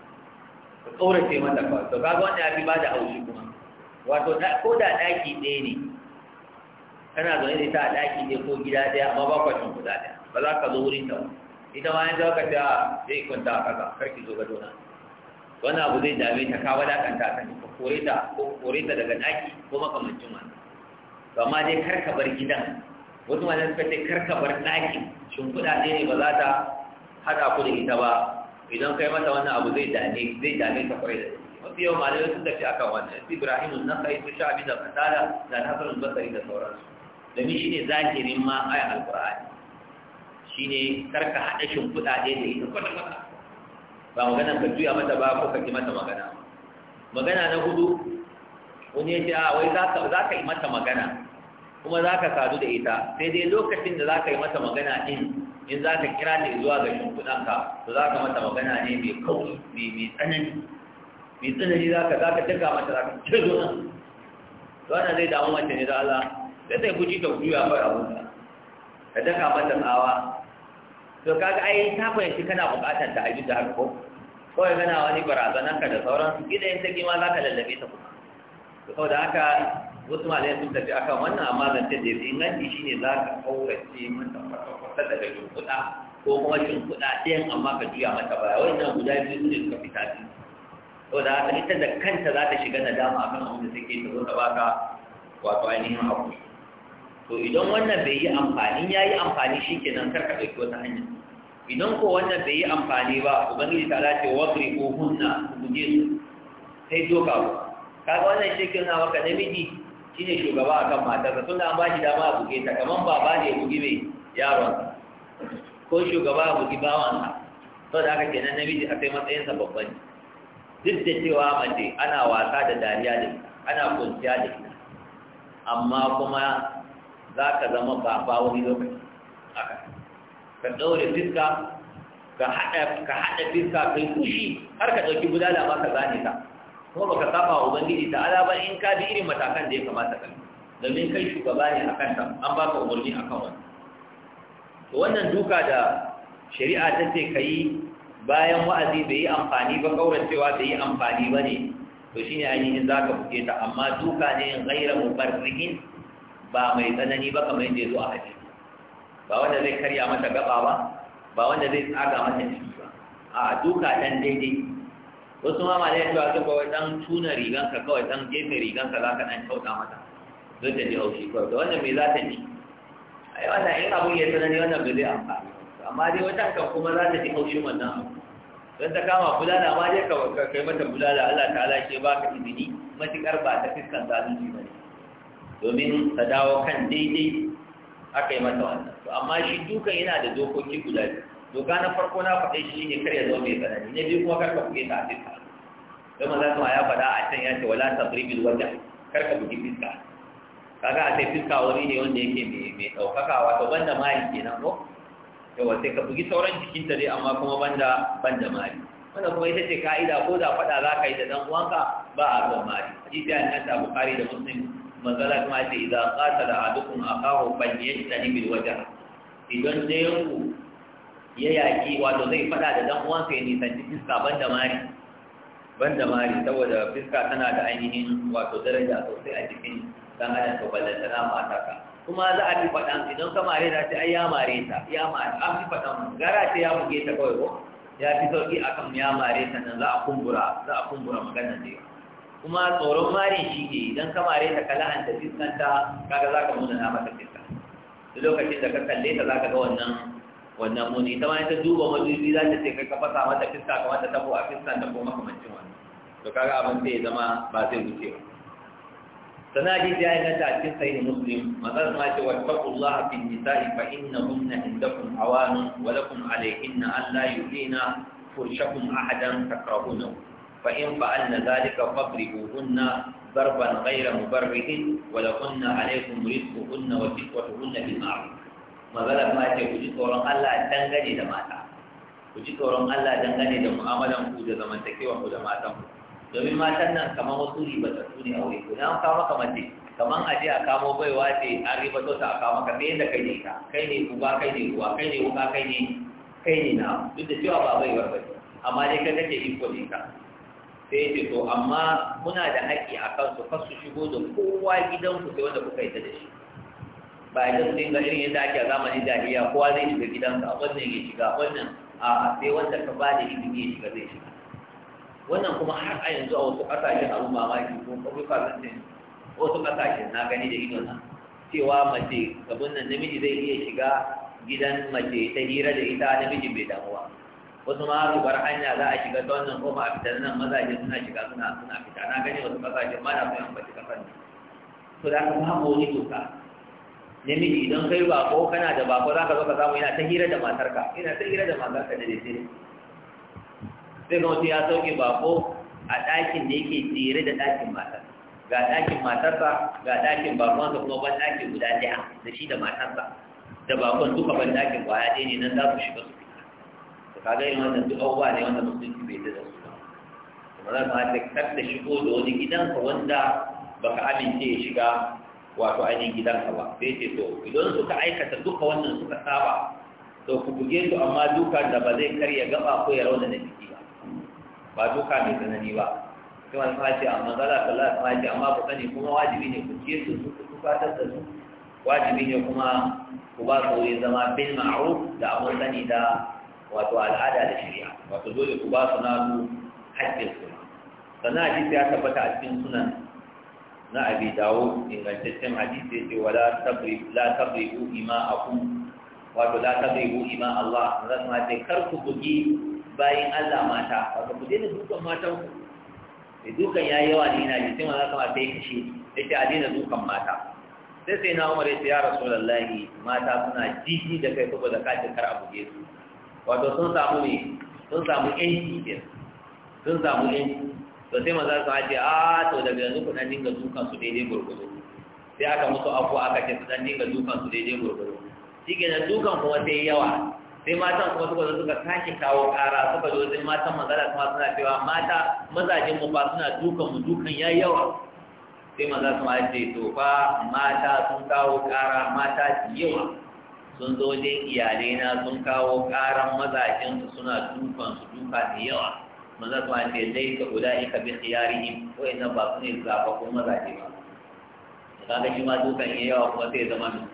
ta ƙaurace mata ba to kaga wanda ya fi ba da haushi kuma wato ko da ɗaki ɗaya ne kana zaune da ita a ɗaki ɗaya ko gida ɗaya amma ba kwacin guda ɗaya ba za ka zo wurin ta ita ma yanzu ka ta ah, zai kwanta a kar karki zo ga dona Wani abu zai dame ta ka kan ta ka kore ta ko kore ta daga ɗaki ko makamancin wani to amma dai kar ka bar gidan wasu malamai suka ce kar ka bar ɗakin shimfiɗa ɗaya ne ba za ta haɗa ku da ita ba idan kai mata wannan abu zai dame zai dame ta kwarai da mafi yawan da sun aka akan wannan ibrahim an-nakhai su sha'bi da qatala da nasr al-basri da sauransu domin ne zahirin ma ayat al-qur'ani shine karka hada shimfiɗa ɗaya da ita kwata kwata ba magana ka juya mata ba ko ka ki mata magana magana na hudu wani ya ce a ah, wai za ka yi mata magana kuma za ka sadu da ita sai dai lokacin da za ka yi mata magana din, in za ka kira ta zuwa ga shimfiɗanka to za ka mata magana ne mai kauri mai tsanani mai tsanani za ka za ka daga mata za ka ce zo nan zai damu wacce ne da Allah da sai guji ta juya bar abun ka daka mata tsawa to kaga ai ta fahimci kana bukatar ta aji da haka ko kawai kana wani barazanar ka da sauran gida yin take ma za ka lallabe ta kuma to kawai saboda haka wasu malayan sun tafi akan wannan amma zance da yanzu inganci shine za ka kaurace mata kwata daga shimfiɗa ko kuma shimfiɗa ɗayan amma ka juya mata baya wannan guda biyu ne suka fi tasiri to da haka ita da kanta za ta shiga nadama akan abin da take ta zo ta ka wato ainihin abu to idan wannan bai yi amfani ya yi amfani shi kenan kar ka ɗauki wata hanya idan ko wannan bai yi amfani ba ubangiji ta lace wakri ko hunna ku guje su sai doka ku kaga wannan shi ke nuna maka namiji shine shugaba akan matarsa tun da an ba shi dama a buge ta kamar baba ne ya bugi mai yaron ko shugaba a bugi bawansa to da haka kenan namiji a kai matsayinsa babban ne duk da cewa mace ana wasa da dariya da ana kunciya da ita amma kuma za ka zama baba wani lokaci ka ɗaure fiska ka haɗa ka haɗa fiska ka yi kushi har ka ɗauki budala ma ka zane ka kuma baka saba wa ubangiji ta ala ba in ka bi irin matakan da ya kamata ka domin kai shugaba ne a ta an baka umarni a wani to wannan duka da shari'a ta ce ka yi bayan wa'azi bai yi amfani ba kauracewa bai yi amfani ba ne to shi ne ainihin za ka buke ta amma duka ne gaira mubarrihin ba mai tsanani ba kamar yadda ya zo a haji ba wanda zai karya mata gaba ba ba wanda zai tsaga mata ciki ba a duka ɗan daidai wasu ma ma dai cewa sun kawai ɗan tuna riganka kawai ɗan gefe riganka za ka ɗan kyauta mata don ta ji haushi kawai da wannan me za ta ji yi wannan in abun ya tsanani wannan ba zai amfani amma dai wajen kan kuma za ta ji haushin wannan abu don ta kama bulala ma ne ka kai mata bulala Allah ta'ala ke ba ka izini matukar ba ta fiskan zalunci ba ne domin ta dawo kan daidai aka yi mata wannan to amma shi dukan yana da dokoki guda biyu doka na farko na faɗe shi ne kar ya zo mai tsanani na biyu kuma ka buge ta a fiska don maza su ya faɗa a can ya ce wala tabribil wajen ka buge fiska kaga a sai fiska wuri ne wanda yake mai ɗaukaka wato banda mayi kenan ko yawa sai ka bugi sauran jikinta dai amma kuma banda banda mari wanda kuma ita ce ka'ida ko da faɗa za ka yi da ɗan'uwanka ba a zuwa mari hadisi an nan ta bukari da muslim manzala kuma ce idan qatala ahadukum banye falyajtani bil wajen. idan dayan ku ya yaki wato zai faɗa da ɗan'uwanka ya nisanci fiska banda mari banda mari saboda fiska tana da ainihin wato daraja sosai a jikin dan adam to ballantana mata ka kuma za a fi faɗan idan ka mare ta ce ai ya mare ta ya mare a fi faɗan gara ce ya buge ta kawai ko ya fi sauƙi a kan ya mare ta nan za a kumbura za a kumbura maganar da kuma tsoron mare shi ne idan ka mare ta ka la'anta fiskanta kaga za ka muna na mata fiska da lokacin da ka kalle ta za ka ga wannan wannan muni ita ma ta duba madubi za ta ce kai ka fasa mata fiska kamar ta tabo a fiskanta ko makamancin wannan to kaga abin sai ya zama ba zai wuce ba sanadi da ya ta cikin sahihi muslim mazan ma ce wattaqullaha fi nisa'i fa innahunna indakum awanun wa lakum alayhinna an la yu'ina furshakum ahadan takrahunahu ضربا غير مبرد ولهن عليكم رزقهن وكسوتهن بالمعروف magana ma ce ku ji tsoron Allah dangane da ku ji tsoron Allah dangane da mu'amalan ku da zamantakewa ku da matan ku domin matan nan kamar wasu su ne a wuri guda an kawo maka mace kamar a je a kamo baiwa ce a ribato ta a kawo maka sai da kai ne ka kai ne uba kai ne uwa kai ne wuka kai ne kai ne na duk da cewa ba baiwar ba amma dai kai kake iko ne ka sai ce to amma muna da haƙƙi a kansu kar su shigo da kowa gidanku sai wanda kuka yi da shi ba a yanzu dinga irin yadda ake a zamanin jahiliya kowa zai shiga gidansa wannan ya shiga wannan a sai wanda ka ba da izini ya shiga zai shiga wannan kuma har a yanzu a wasu ƙasashen abin mamaki ko ƙauyuka zan ce wasu ƙasashen na gani da ido na cewa mace gaban nan namiji zai iya shiga gidan mace ta hira da ita namijin bai damuwa, wasu ma su bar hanya za a shiga ta wannan kuma a fita nan mazaje suna shiga suna suna fita na gani wasu ƙasashen ma na son yan mace ƙasar ne to da kuma haɓo ni doka namiji idan kai bako kana da bako za ka zo ka samu yana ta hira da matarka yana ta hira da matarka da daidai sai ga mutum ya sauke bako a ɗakin da yake tsere da ɗakin matar ga ɗakin matarsa ga ɗakin bakonsa kuma ban ɗakin guda ɗaya da shi da matarsa da bakon duka ban ɗakin kwaya ɗaya ne nan za su shiga su fita to gani irin wannan duk abubuwa ne wanda musulunci bai da su ba kuma za su ta kar da shigo da wani gidanka wanda baka amince ya shiga wato ainihin gidanka ba sai ce to idan suka aikata duka wannan suka saba to ku buge su amma duka da ba zai karya gaba ko ya rauna da jiki ba duka mai tsanani ba sai wani fashi amma zala ta kala fashi amma ku sani kuma wajibi ne ku ce su su ku fatar da su wajibi ne kuma ku ba su ya zama bin ma'ruf da abun sani da wato al'ada da shari'a wato dole ku ba su na su haƙƙin su sannan hadisi ya tabbata a cikin sunan na abi dawo ingantaccen hadisi ce wala tabri la tabribu ima'akum wato la tabribu ima Allah zan ma ce kar ku bugi bayin Allah mata wato ku daina dukan matan ku da dukan yayi yawa ne yana jikin wanda kama sai kashe yace a daina dukan mata sai sai na Umar ya Rasulullahi mata suna jiji da kai saboda kace kar a buge su wato sun samu ne sun samu yanci ne sun samu yanci to sai maza su haje a to daga yanzu ku dan dinga dukan su daidai gurgudu sai aka musu afu aka ce su dan dinga dukan su daidai gurgudu shi ke dukan kuma sai yawa sai matan kuma suka zo suka sake kawo ƙara suka zo sai matan da kuma suna cewa mata mazajen mu ba suna dukan mu dukan yayi yawa sai maza kuma ya ce to fa mata sun kawo ƙara mata yawa sun zo je iyalai na sun kawo ƙaran mazajen su suna dukan su duka da yawa maza kuma ya ce dai ka guda ika bi khiyarihim ko ina ba su ne zaɓaɓɓun mazaje ba kaga shi ma dukan yayi yawa kuma sai zama mai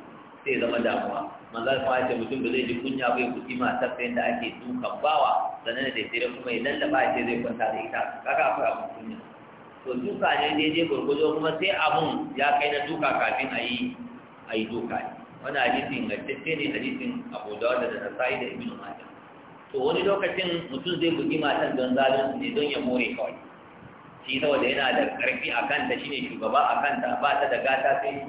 sai zama damuwa manzal fa ce mutum ba zai ji kunya bai kuɗi matar sai da ake dukan bawa sannan da daidai kuma idan da ba ce zai kwanta da ita kaga akwai abin kunya to duka ne daidai gurgudo kuma sai abun ya kai na duka kafin a yi a yi duka ne wani hadisi ingantacce ne hadisin abu da wanda da sa'i da ibnu Mata. to wani lokacin mutum zai bugi matan don zalunci ne don ya more kawai shi saboda yana da ƙarfi a kanta shine shugaba a kanta ba ta da gata sai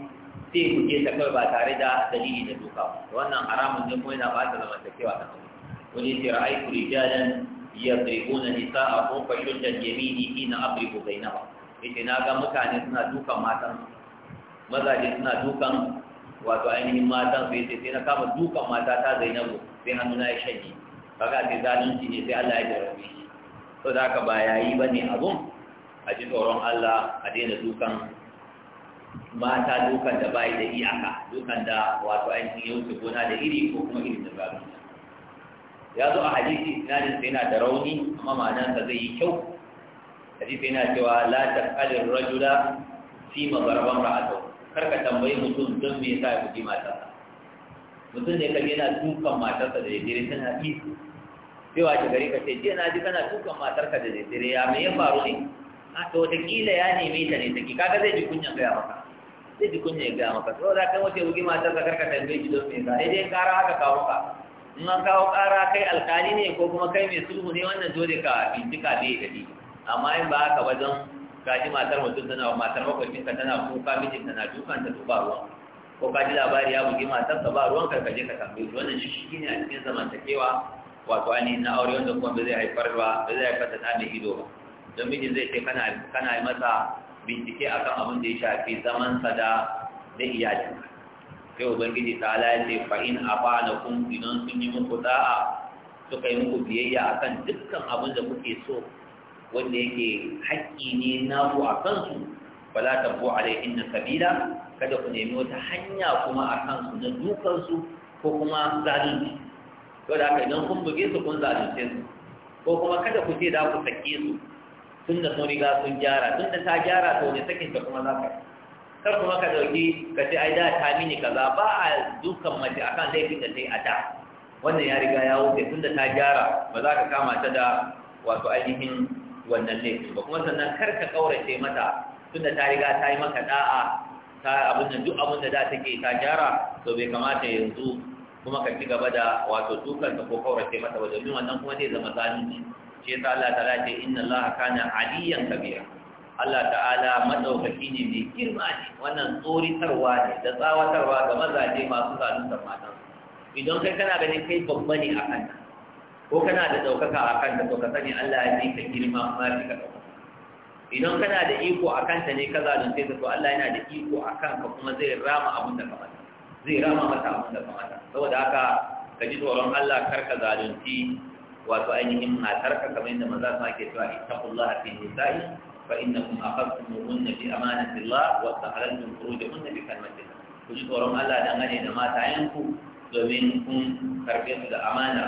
sai ku je ta kawai ba tare da dalili da duka wannan haramun ne kuma yana ba ta zamantakewa ta aure wani ce ra'aiku rijalan yadribuna nisa a shudda yamini hina abribu bainahum yace na ga mutane suna dukan matan mazaje suna dukan wato ainihin matan sai sai na kama dukan mata ta Zainabu sai hannuna ya shanye Ba ka sai zalunci ne sai Allah ya jarabe shi to da ba yayi abun a ji tsoron Allah a daina dukan mata dukan da bai da iyaka dukan da wato ainihin ya wuce gona da iri ko kuma irin da babu ya zo a hadisi da sai na da rauni amma ma'anar ka zai yi kyau hadisi yana cewa la taqalir rajula fi magaraban Kar ka tambayi mutum don me yasa ya guji matarsa mutum ne kaje yana dukan matarsa da dare tana iko sai wace gari ka ce jiya na ji kana dukan matarka da dare ya me ya faru ne wataƙila ya neme ta ne take kaga zai ji kunyan gaya maka zai ji kunyan gaya maka so za ka wace wuki matar ka karka tambaye ji don me ka dai kara haka kawo ka in an kawo kara kai alkali ne ko kuma kai mai sulhu ne wannan dole ka bincika bai gadi amma in ba haka wajen kaji matar mutum tana matar makwabcin ka tana kuka mijin tana dukan ta ba ruwan ko kaji labari ya bugi matar ka ba ruwan karkaje ka tambaye wannan shi ne a cikin zamantakewa wato ainihin na aure wanda kuma ba zai haifar ba ba zai haifar da ta mai ido ba don zai ce kana masa bincike akan abin da ya shafi zaman sa da da iyali sai ubangiji ta ala ce fa in afana kun idan sun yi muku da'a suka yi muku biyayya akan dukkan abin da kuke so wanda yake haƙƙi ne na ku a kansu fala tabu alaihin sabila kada ku nemi wata hanya kuma a kansu na dukansu ko kuma zalunci to da haka idan kun buge su kun zalunce su ko kuma kada ku ce da ku sake su tun da sun riga sun gyara tun da ta gyara to ne sakin ta kuma za ka yi kar kuma ka dauki ka ce ai da ta mini kaza ba a dukan mace akan laifin da ta yi a da wannan ya riga ya wuce tun da ta gyara ba za ka kama ta da wato ainihin wannan laifin ba kuma sannan kar ka kaurace mata tun da ta riga ta yi maka da'a ta abin da duk abin da da take ta gyara to bai kamata yanzu kuma ka ci gaba da wato dukan ta ko kaurace mata ba domin wannan kuma zai zama zalunci shi yasa Allah ta'ala ce inna Allah kana aliyan kabira Allah ta'ala madaukaki ne mai girma ne wannan tsoritarwa ne da tsawatarwa ga mazaje masu zaluntar matan idan kai kana ganin kai babba ne a kanta ko kana da ɗaukaka a kanta to ka sani Allah ya ji ka girma ma fi ka dauka idan kana da iko a kanta ne ka sai ka to Allah yana da iko a kanka kuma zai rama abin da kamata zai rama mata abin da kamata saboda haka ka ji tsoron Allah kar ka zalunci wato ainihin matarka kamar yadda maza su ake cewa ittaqullaha fi nisa'i fa innakum aqadtumuhunna bi amanatillah wa tahalaltum furujahunna bi kalmatillah ku ji tsoron Allah dangane da matayenku domin kun karbe su da amana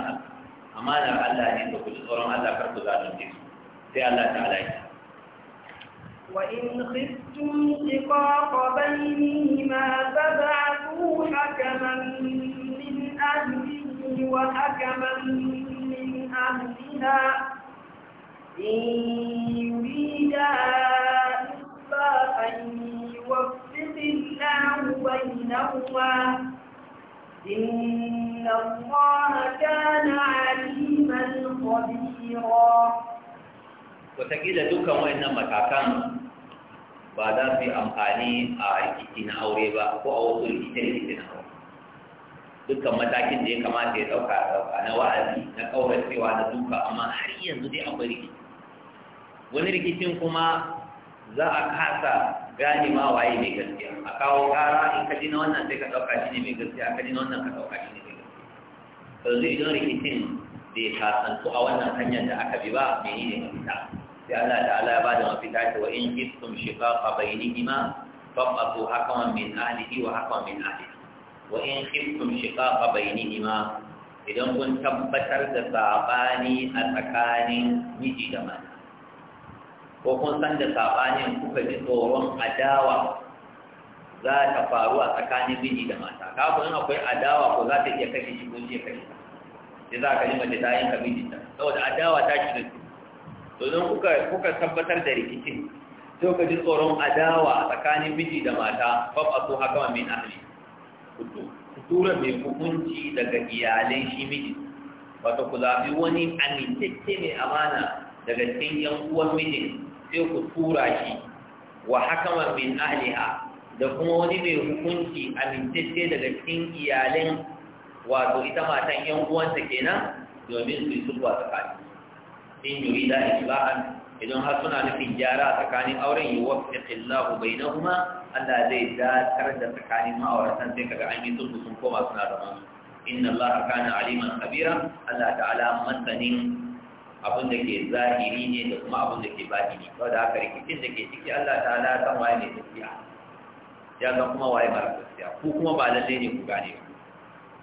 Allah Allah ne da ku ji tsoron Allah kar ku zalunce su sai Allah ta'ala ya وإن خفتم شقاق بينهما فابعثوا حكما من أهله وحكما من حمدها إن يريدا إصلاحا يوفق الله بينهما إن الله كان عليما خبيرا wataƙila wayannan matakan ba za su yi amfani a rikici na aure ba ko a wasu rikice-rikice aure dukkan matakin da ya kamata ya ɗauka ɗauka na wa'azi na ƙauracewa da duka amma har yanzu dai akwai rikici wani rikicin kuma za a kasa gane ma waye mai gaskiya a kawo ƙara in ka na wannan sai ka ɗauka shi ne mai gaskiya ka ji na wannan ka ɗauka shi ne mai gaskiya yanzu idan rikicin bai kasantu a wannan hanyar da aka bi ba mai ne mafita sai Allah da Allah ya ba da mafita ta wa in jistum shiqaqa bainihima faqatu hakaman min ahlihi wa hakaman min ahlihi wa in khiftum shiqaqa bainihima idan kun tabbatar da sabani a tsakanin miji da mata ko kun san da sabanin kuka ji tsoron adawa za ta faru a tsakanin miji da mata ka kun akwai adawa ko za ta iya kashe shi ko ce kashe sai za ka ji mace ta yanka ta saboda adawa ta shiga to don kuka kuka tabbatar da rikicin sai ka ji tsoron adawa a tsakanin miji da mata fab asu haka min ahli ku tura mai hukunci daga iyalai shi miji wato ku zaɓi wani amintacce mai amana daga cikin yan uwan mijin sai ku tura shi wa hakaman min ahliha da kuma wani mai hukunci amintacce daga cikin iyalan wato ita matan yan uwanta kenan domin su yi sulwa tsakani in yuri da idan har suna nufin gyara tsakanin auren yi wafiqillahu bainahuma Allah zai datar da tsakanin ma'auratan sai kaga an yi sulhu sun koma suna da su inna Allah kana aliman kabira Allah ta'ala matsanin abin da ke zahiri ne da kuma abin da ke batini da haka rikicin da ke ciki Allah ta'ala san waye ne gaskiya ya ga kuma waye mara gaskiya ku kuma ba lalle ne ku gane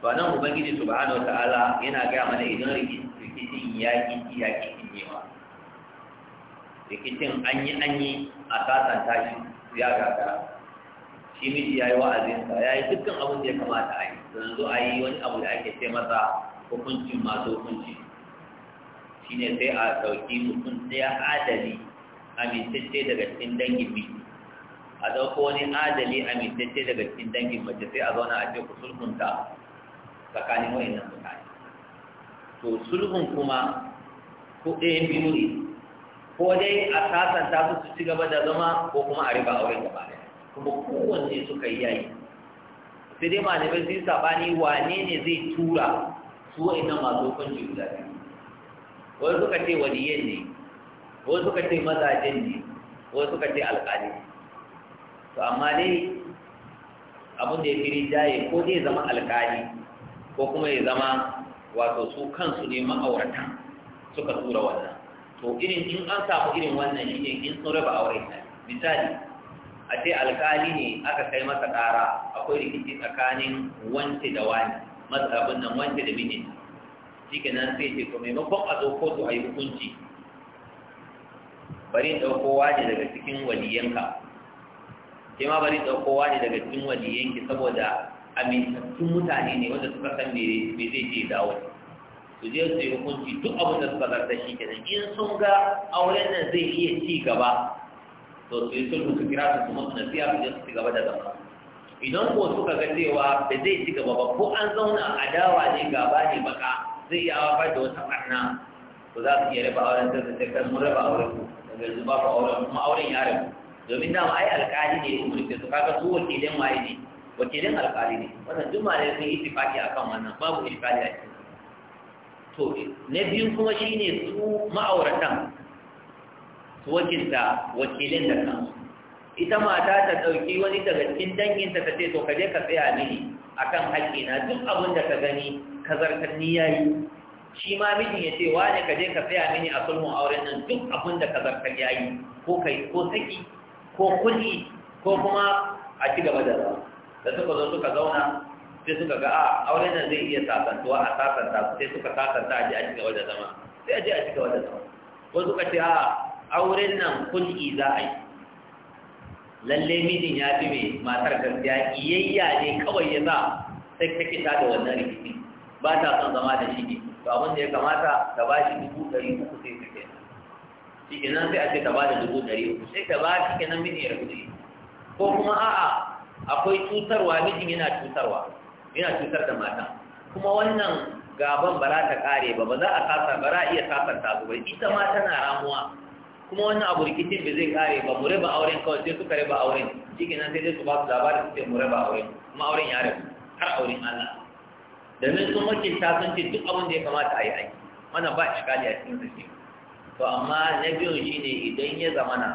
ba to nan ubangiji subhanahu wataala yana gaya mana idan rikicin ya ki ya ki ma. rikicin an yi an yi a sasanta shi ya gagara shi miji ya yi wa'azinsa ya yi dukkan abin da ya kamata a yi yanzu a yi wani abu da ake ce masa hukuncin masu hukunci shi ne sai a ɗauki mutum ɗaya adali amintacce daga cikin dangin miji a ɗauko wani adali amintacce daga cikin dangin mace sai a zauna a ce ku sulhunta tsakanin wa'annan mutane to sulhun kuma ko ɗaya biyu ne ko dai a sasanta su su ci gaba da zama ko kuma a riba auren gaba ɗaya kuma kowanne suka yi yayi sai dai malamai sun sabani wane ne zai tura su wa'annan masu hukunci guda biyu wani suka ce waliyan ne wani suka ce mazajen ne wani suka ce alƙali to amma dai abin da ya firi jaye ko zai zama alƙali ko kuma ya zama wato su kansu ne ma'auratan suka tura wannan to irin in an samu irin wannan shi ne in sun raba aure misali a ce alkali ne aka kai masa ƙara akwai rikici tsakanin wance da wani abin nan wance da mini. shi ke nan sai ce to maimakon a zo kotu a yi hukunci bari ɗauko ne daga cikin waliyanka ke ma bari ɗauko ne daga cikin waliyanki saboda amintattun mutane ne wanda suka san me zai je dawo su je su yi hukunci duk abin da suka zarta shi nan in sun ga auren nan zai iya ci gaba to su yi sulhu su kira su kuma su nasiya su je su ci gaba da zama idan ko suka ga cewa da zai ci gaba ba ko an zauna a dawa ne gaba ne baka zai iya hawa da wata barna to za su iya raba auren sai su sai kan mun raba auren ku daga yanzu ba ku auren kuma auren ya rabu domin dama ai alƙali ne ya umurce su kaga su wakilin waye ne wakilin alƙali ne wannan duk malai sun yi tifaki kan wannan babu ilƙali a cikin to na biyu kuma shine su ma'auratan su wakilta wakilin da kansu ita mata ta ɗauki wani daga cikin danginta ta ce to ka je ka tsaya mini akan haƙƙina duk abin da ka gani ka zartar ni yi. shi ma mijin ya ce wani ka je ka tsaya mini a sulhun auren nan duk abin da ka zartar yayi ko kai ko saki ko kuɗi ko kuma a ci gaba da rawa da suka zo suka zauna sai suka ga a ah, auren nan zai iya sasantuwa a sasanta sai suka sasanta a je a ci gaba da zama sai a je a ci gaba da zama wasu suka ce a ah, auren nan kul'i za a yi lalle mijin ya fi mai matar gaskiya iyayya ne kawai ya sa sai ta kita da wannan rikici ba ta son zama da shi ne Ba abin da ya kamata ta ba shi dubu ɗari uku sai ta ke shi nan sai a ce ta ba da dubu ɗari uku sai ta ba shi kenan mijin ya rubuce ko kuma a'a akwai cutarwa mijin yana cutarwa yana cutar da mata kuma wannan gaban ba za ta kare ba ba za a kasa ba za a iya kasar ta ba ita ma tana ramuwa kuma wannan abu rikicin bai zai kare ba mure ba auren kawai sai suka raba auren shi nan sai dai su ba su labarin su ce mure ba auren kuma auren ya rabu har auren Allah domin sun wakilta sun ce duk abin da ya kamata a yi aiki wannan ba iskali a cikin zuci to amma na biyun shi ne idan ya zamana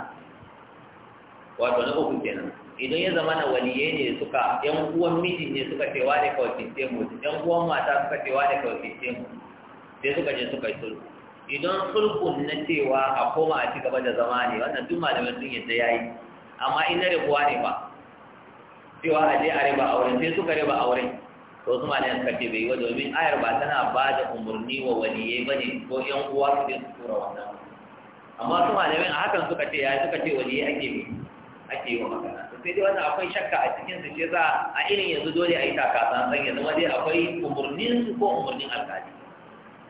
wato na uku kenan idan ya na waliye ne suka yan uwan mijin ne suka cewa da kawai mu yan uwan mata suka cewa da kawai mu sai suka je suka yi sulhu idan sulhun na cewa a koma a ci gaba da zama ne wannan duk malamin sun yadda yi. amma in na rabuwa ne ba cewa a je a riba auren sai suka riba auren to su malamin suka ce bai yi wa domin ayar ba tana ba da umarni wa yi ba ne ko yan uwa su ne su tura wannan amma su malamin a hakan suka ce ya yi suka ce ya ake bi ake yi wa magana to sai dai wannan akwai shakka a cikin su ce za a irin yanzu dole a yi taka san ya yanzu, dai akwai umarnin su ko umarnin alkali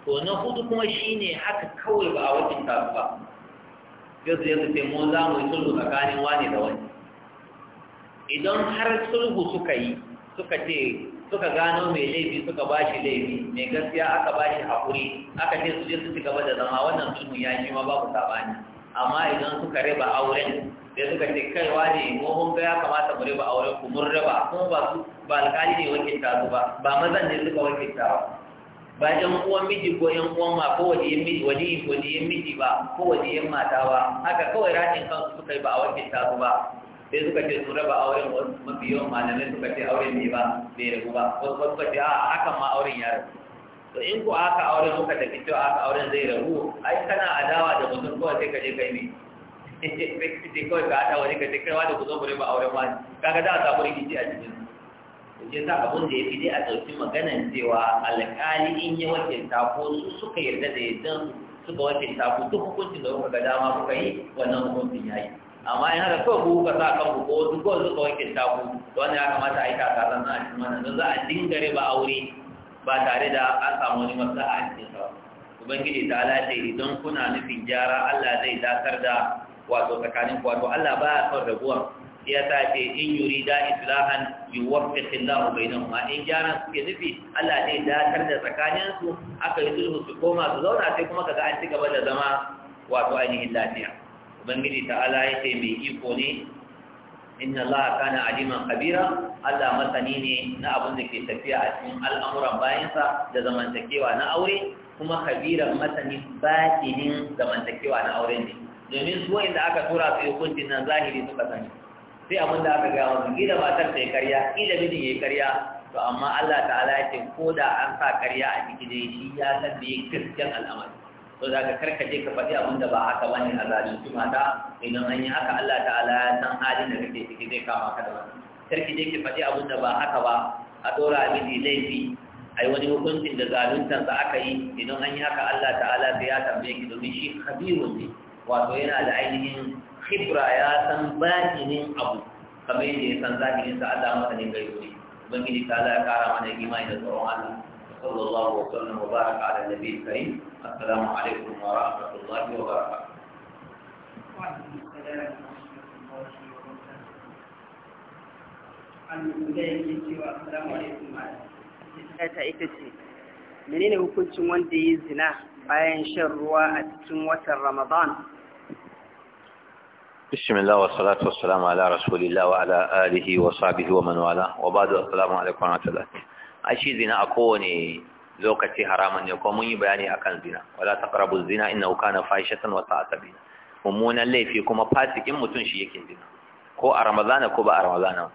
to na hudu kuma ne haka kawai ba a wajen tasu ba yanzu ya sai mu za mu yi sulhu tsakanin wani da wani idan har sulhu suka yi suka ce suka gano mai laifi suka ba shi laifi mai gaskiya aka ba shi haƙuri aka ce su je su ci gaba da zama wannan sulhu ya shi ma babu sabani amma idan suka raba auren sai suka ce kai wani mu mun ga ya kamata mu raba auren ku mun raba kuma ba su ba alƙali ne wakilta su ba ba mazan ne suka wakilta ba ba yan uwan miji ko yan uwan ma ko wadiyin miji wadiyin wadiyin miji ba ko wani 'yan mata ba haka kawai rashin kansu suka yi ba a wani ta su ba sai suka ce su raba auren wasu mafi yawan malamai suka ce auren ne ba bai rabu ba wasu suka ce a hakan ma auren ya rabu to in ko aka auren muka tafi cewa aka auren zai rabu ai kana adawa da mutum kawai sai ka je kai ne sai kawai ka hada wani ka ce kaiwa da ku zo mu raba auren wani kaga za a samu rikici a cikin su? ke sa abin da ya fi dai a ɗauki maganan cewa alƙali in ya wakilta ko su suka yarda da yadda suka wakilta ko duk hukuncin da kuka ga dama kuka yi wannan hukuncin ya yi amma in haka kawai kuka sa kan ku ko duk wani suka wakilta ku to wannan ya kamata a yi takarar na cikin wannan don za a dinga riba aure ba tare da an samu wani masu a cikin sa ubangiji ta alaƙa idan kuna nufin gyara allah zai dakar da wato tsakanin kwato allah ba ya kawar da guwan ya sa ce in yuri da islahan yuwaffiq Allah bainahuma in gyara suke nufi Allah ne datar da tsakaninsu, aka yi sulhu su koma su zauna sai kuma kaga an ci gaba da zama wato ainihin lafiya ubangiji ta'ala ya ce mai iko ne inna Allah kana aliman kabira Allah masani ne na abin da ke tafiya a cikin al'amuran bayansa da zamantakewa na aure kuma kabiran masani batinin zamantakewa na aure ne domin su wa'inda aka tura su hukuncin nan zahiri suka sani sai abin da aka gaya wani gida matar ta yi karya gida mini ya yi karya to amma Allah ta'ala ya ce ko da an sa karya a ciki dai shi ya san da ya kirkiyar al'amari to za ka karkace ka faɗi abin da ba haka bane a su mata idan an yi haka Allah ta'ala ya san halin da kake ciki zai kama ka da ba. karkace ki faɗi abin da ba haka ba a ɗora miji laifi a yi wani hukuncin da zaluntansa aka yi idan an yi haka Allah ta'ala sai ya tambaye ki domin shi kabirun ne wato yana da ainihin khibra ya san batinin abu kamar yadda ya san zahirin sa Allah masa ne gaibu ne ubangiji ta Allah ya kara mana imani da tsoron Allah sallallahu alaihi wa wa baraka ala nabiyil karim assalamu alaikum wa rahmatullahi wa barakatuh ita ce menene hukuncin wanda ya zina bayan shan ruwa a cikin watan ramadan بسم الله والصلاة والسلام على رسول الله وعلى آله وصحبه ومن والاه وبعد السلام عليكم ورحمة الله أشي زنا أكوني لوكتي حراما يقوم بياني أكن زنا ولا تقربوا الزنا إنه كان فاحشة وساء سبيلا mummunan laifi kuma fasikin mutum shi yake zina ko a ramadana ko ba a ramadana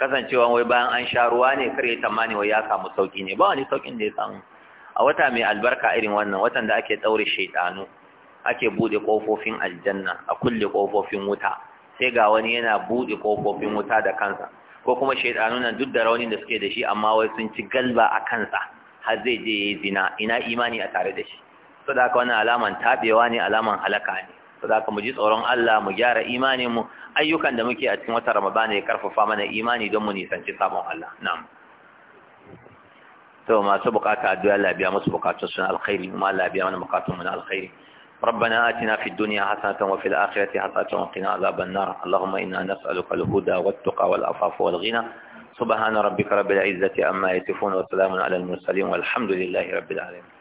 kasancewa wai bayan an sha ruwa ne ya tamani wai ya kamu sauki ne ba wani saukin da ya a wata mai albarka irin wannan watan da ake daure shaidanu ake bude kofofin aljanna a kulle kofofin wuta sai ga wani yana bude kofofin wuta da kansa ko kuma shaidanu nan duk da raunin da suke da shi amma wai sun ci galba a kansa har zai je yayi zina ina imani a tare da shi saboda haka wannan alaman tabewa ne alaman halaka ne saboda haka mu ji tsoron Allah mu gyara imanin mu ayyukan da muke a cikin wata Ramadan ya karfafa mana imani don mu nisanci sabon Allah na'am to masu bukata addu'a Allah biya musu bukatun sun alkhairi kuma Allah biya mana bukatun mu na alkhairi ربنا آتنا في الدنيا حسنة وفي الآخرة حسنة وقنا عذاب النار اللهم إنا نسألك الهدى والتقى والعفاف والغنى سبحان ربك رب العزة أما يتفون وسلام على المرسلين والحمد لله رب العالمين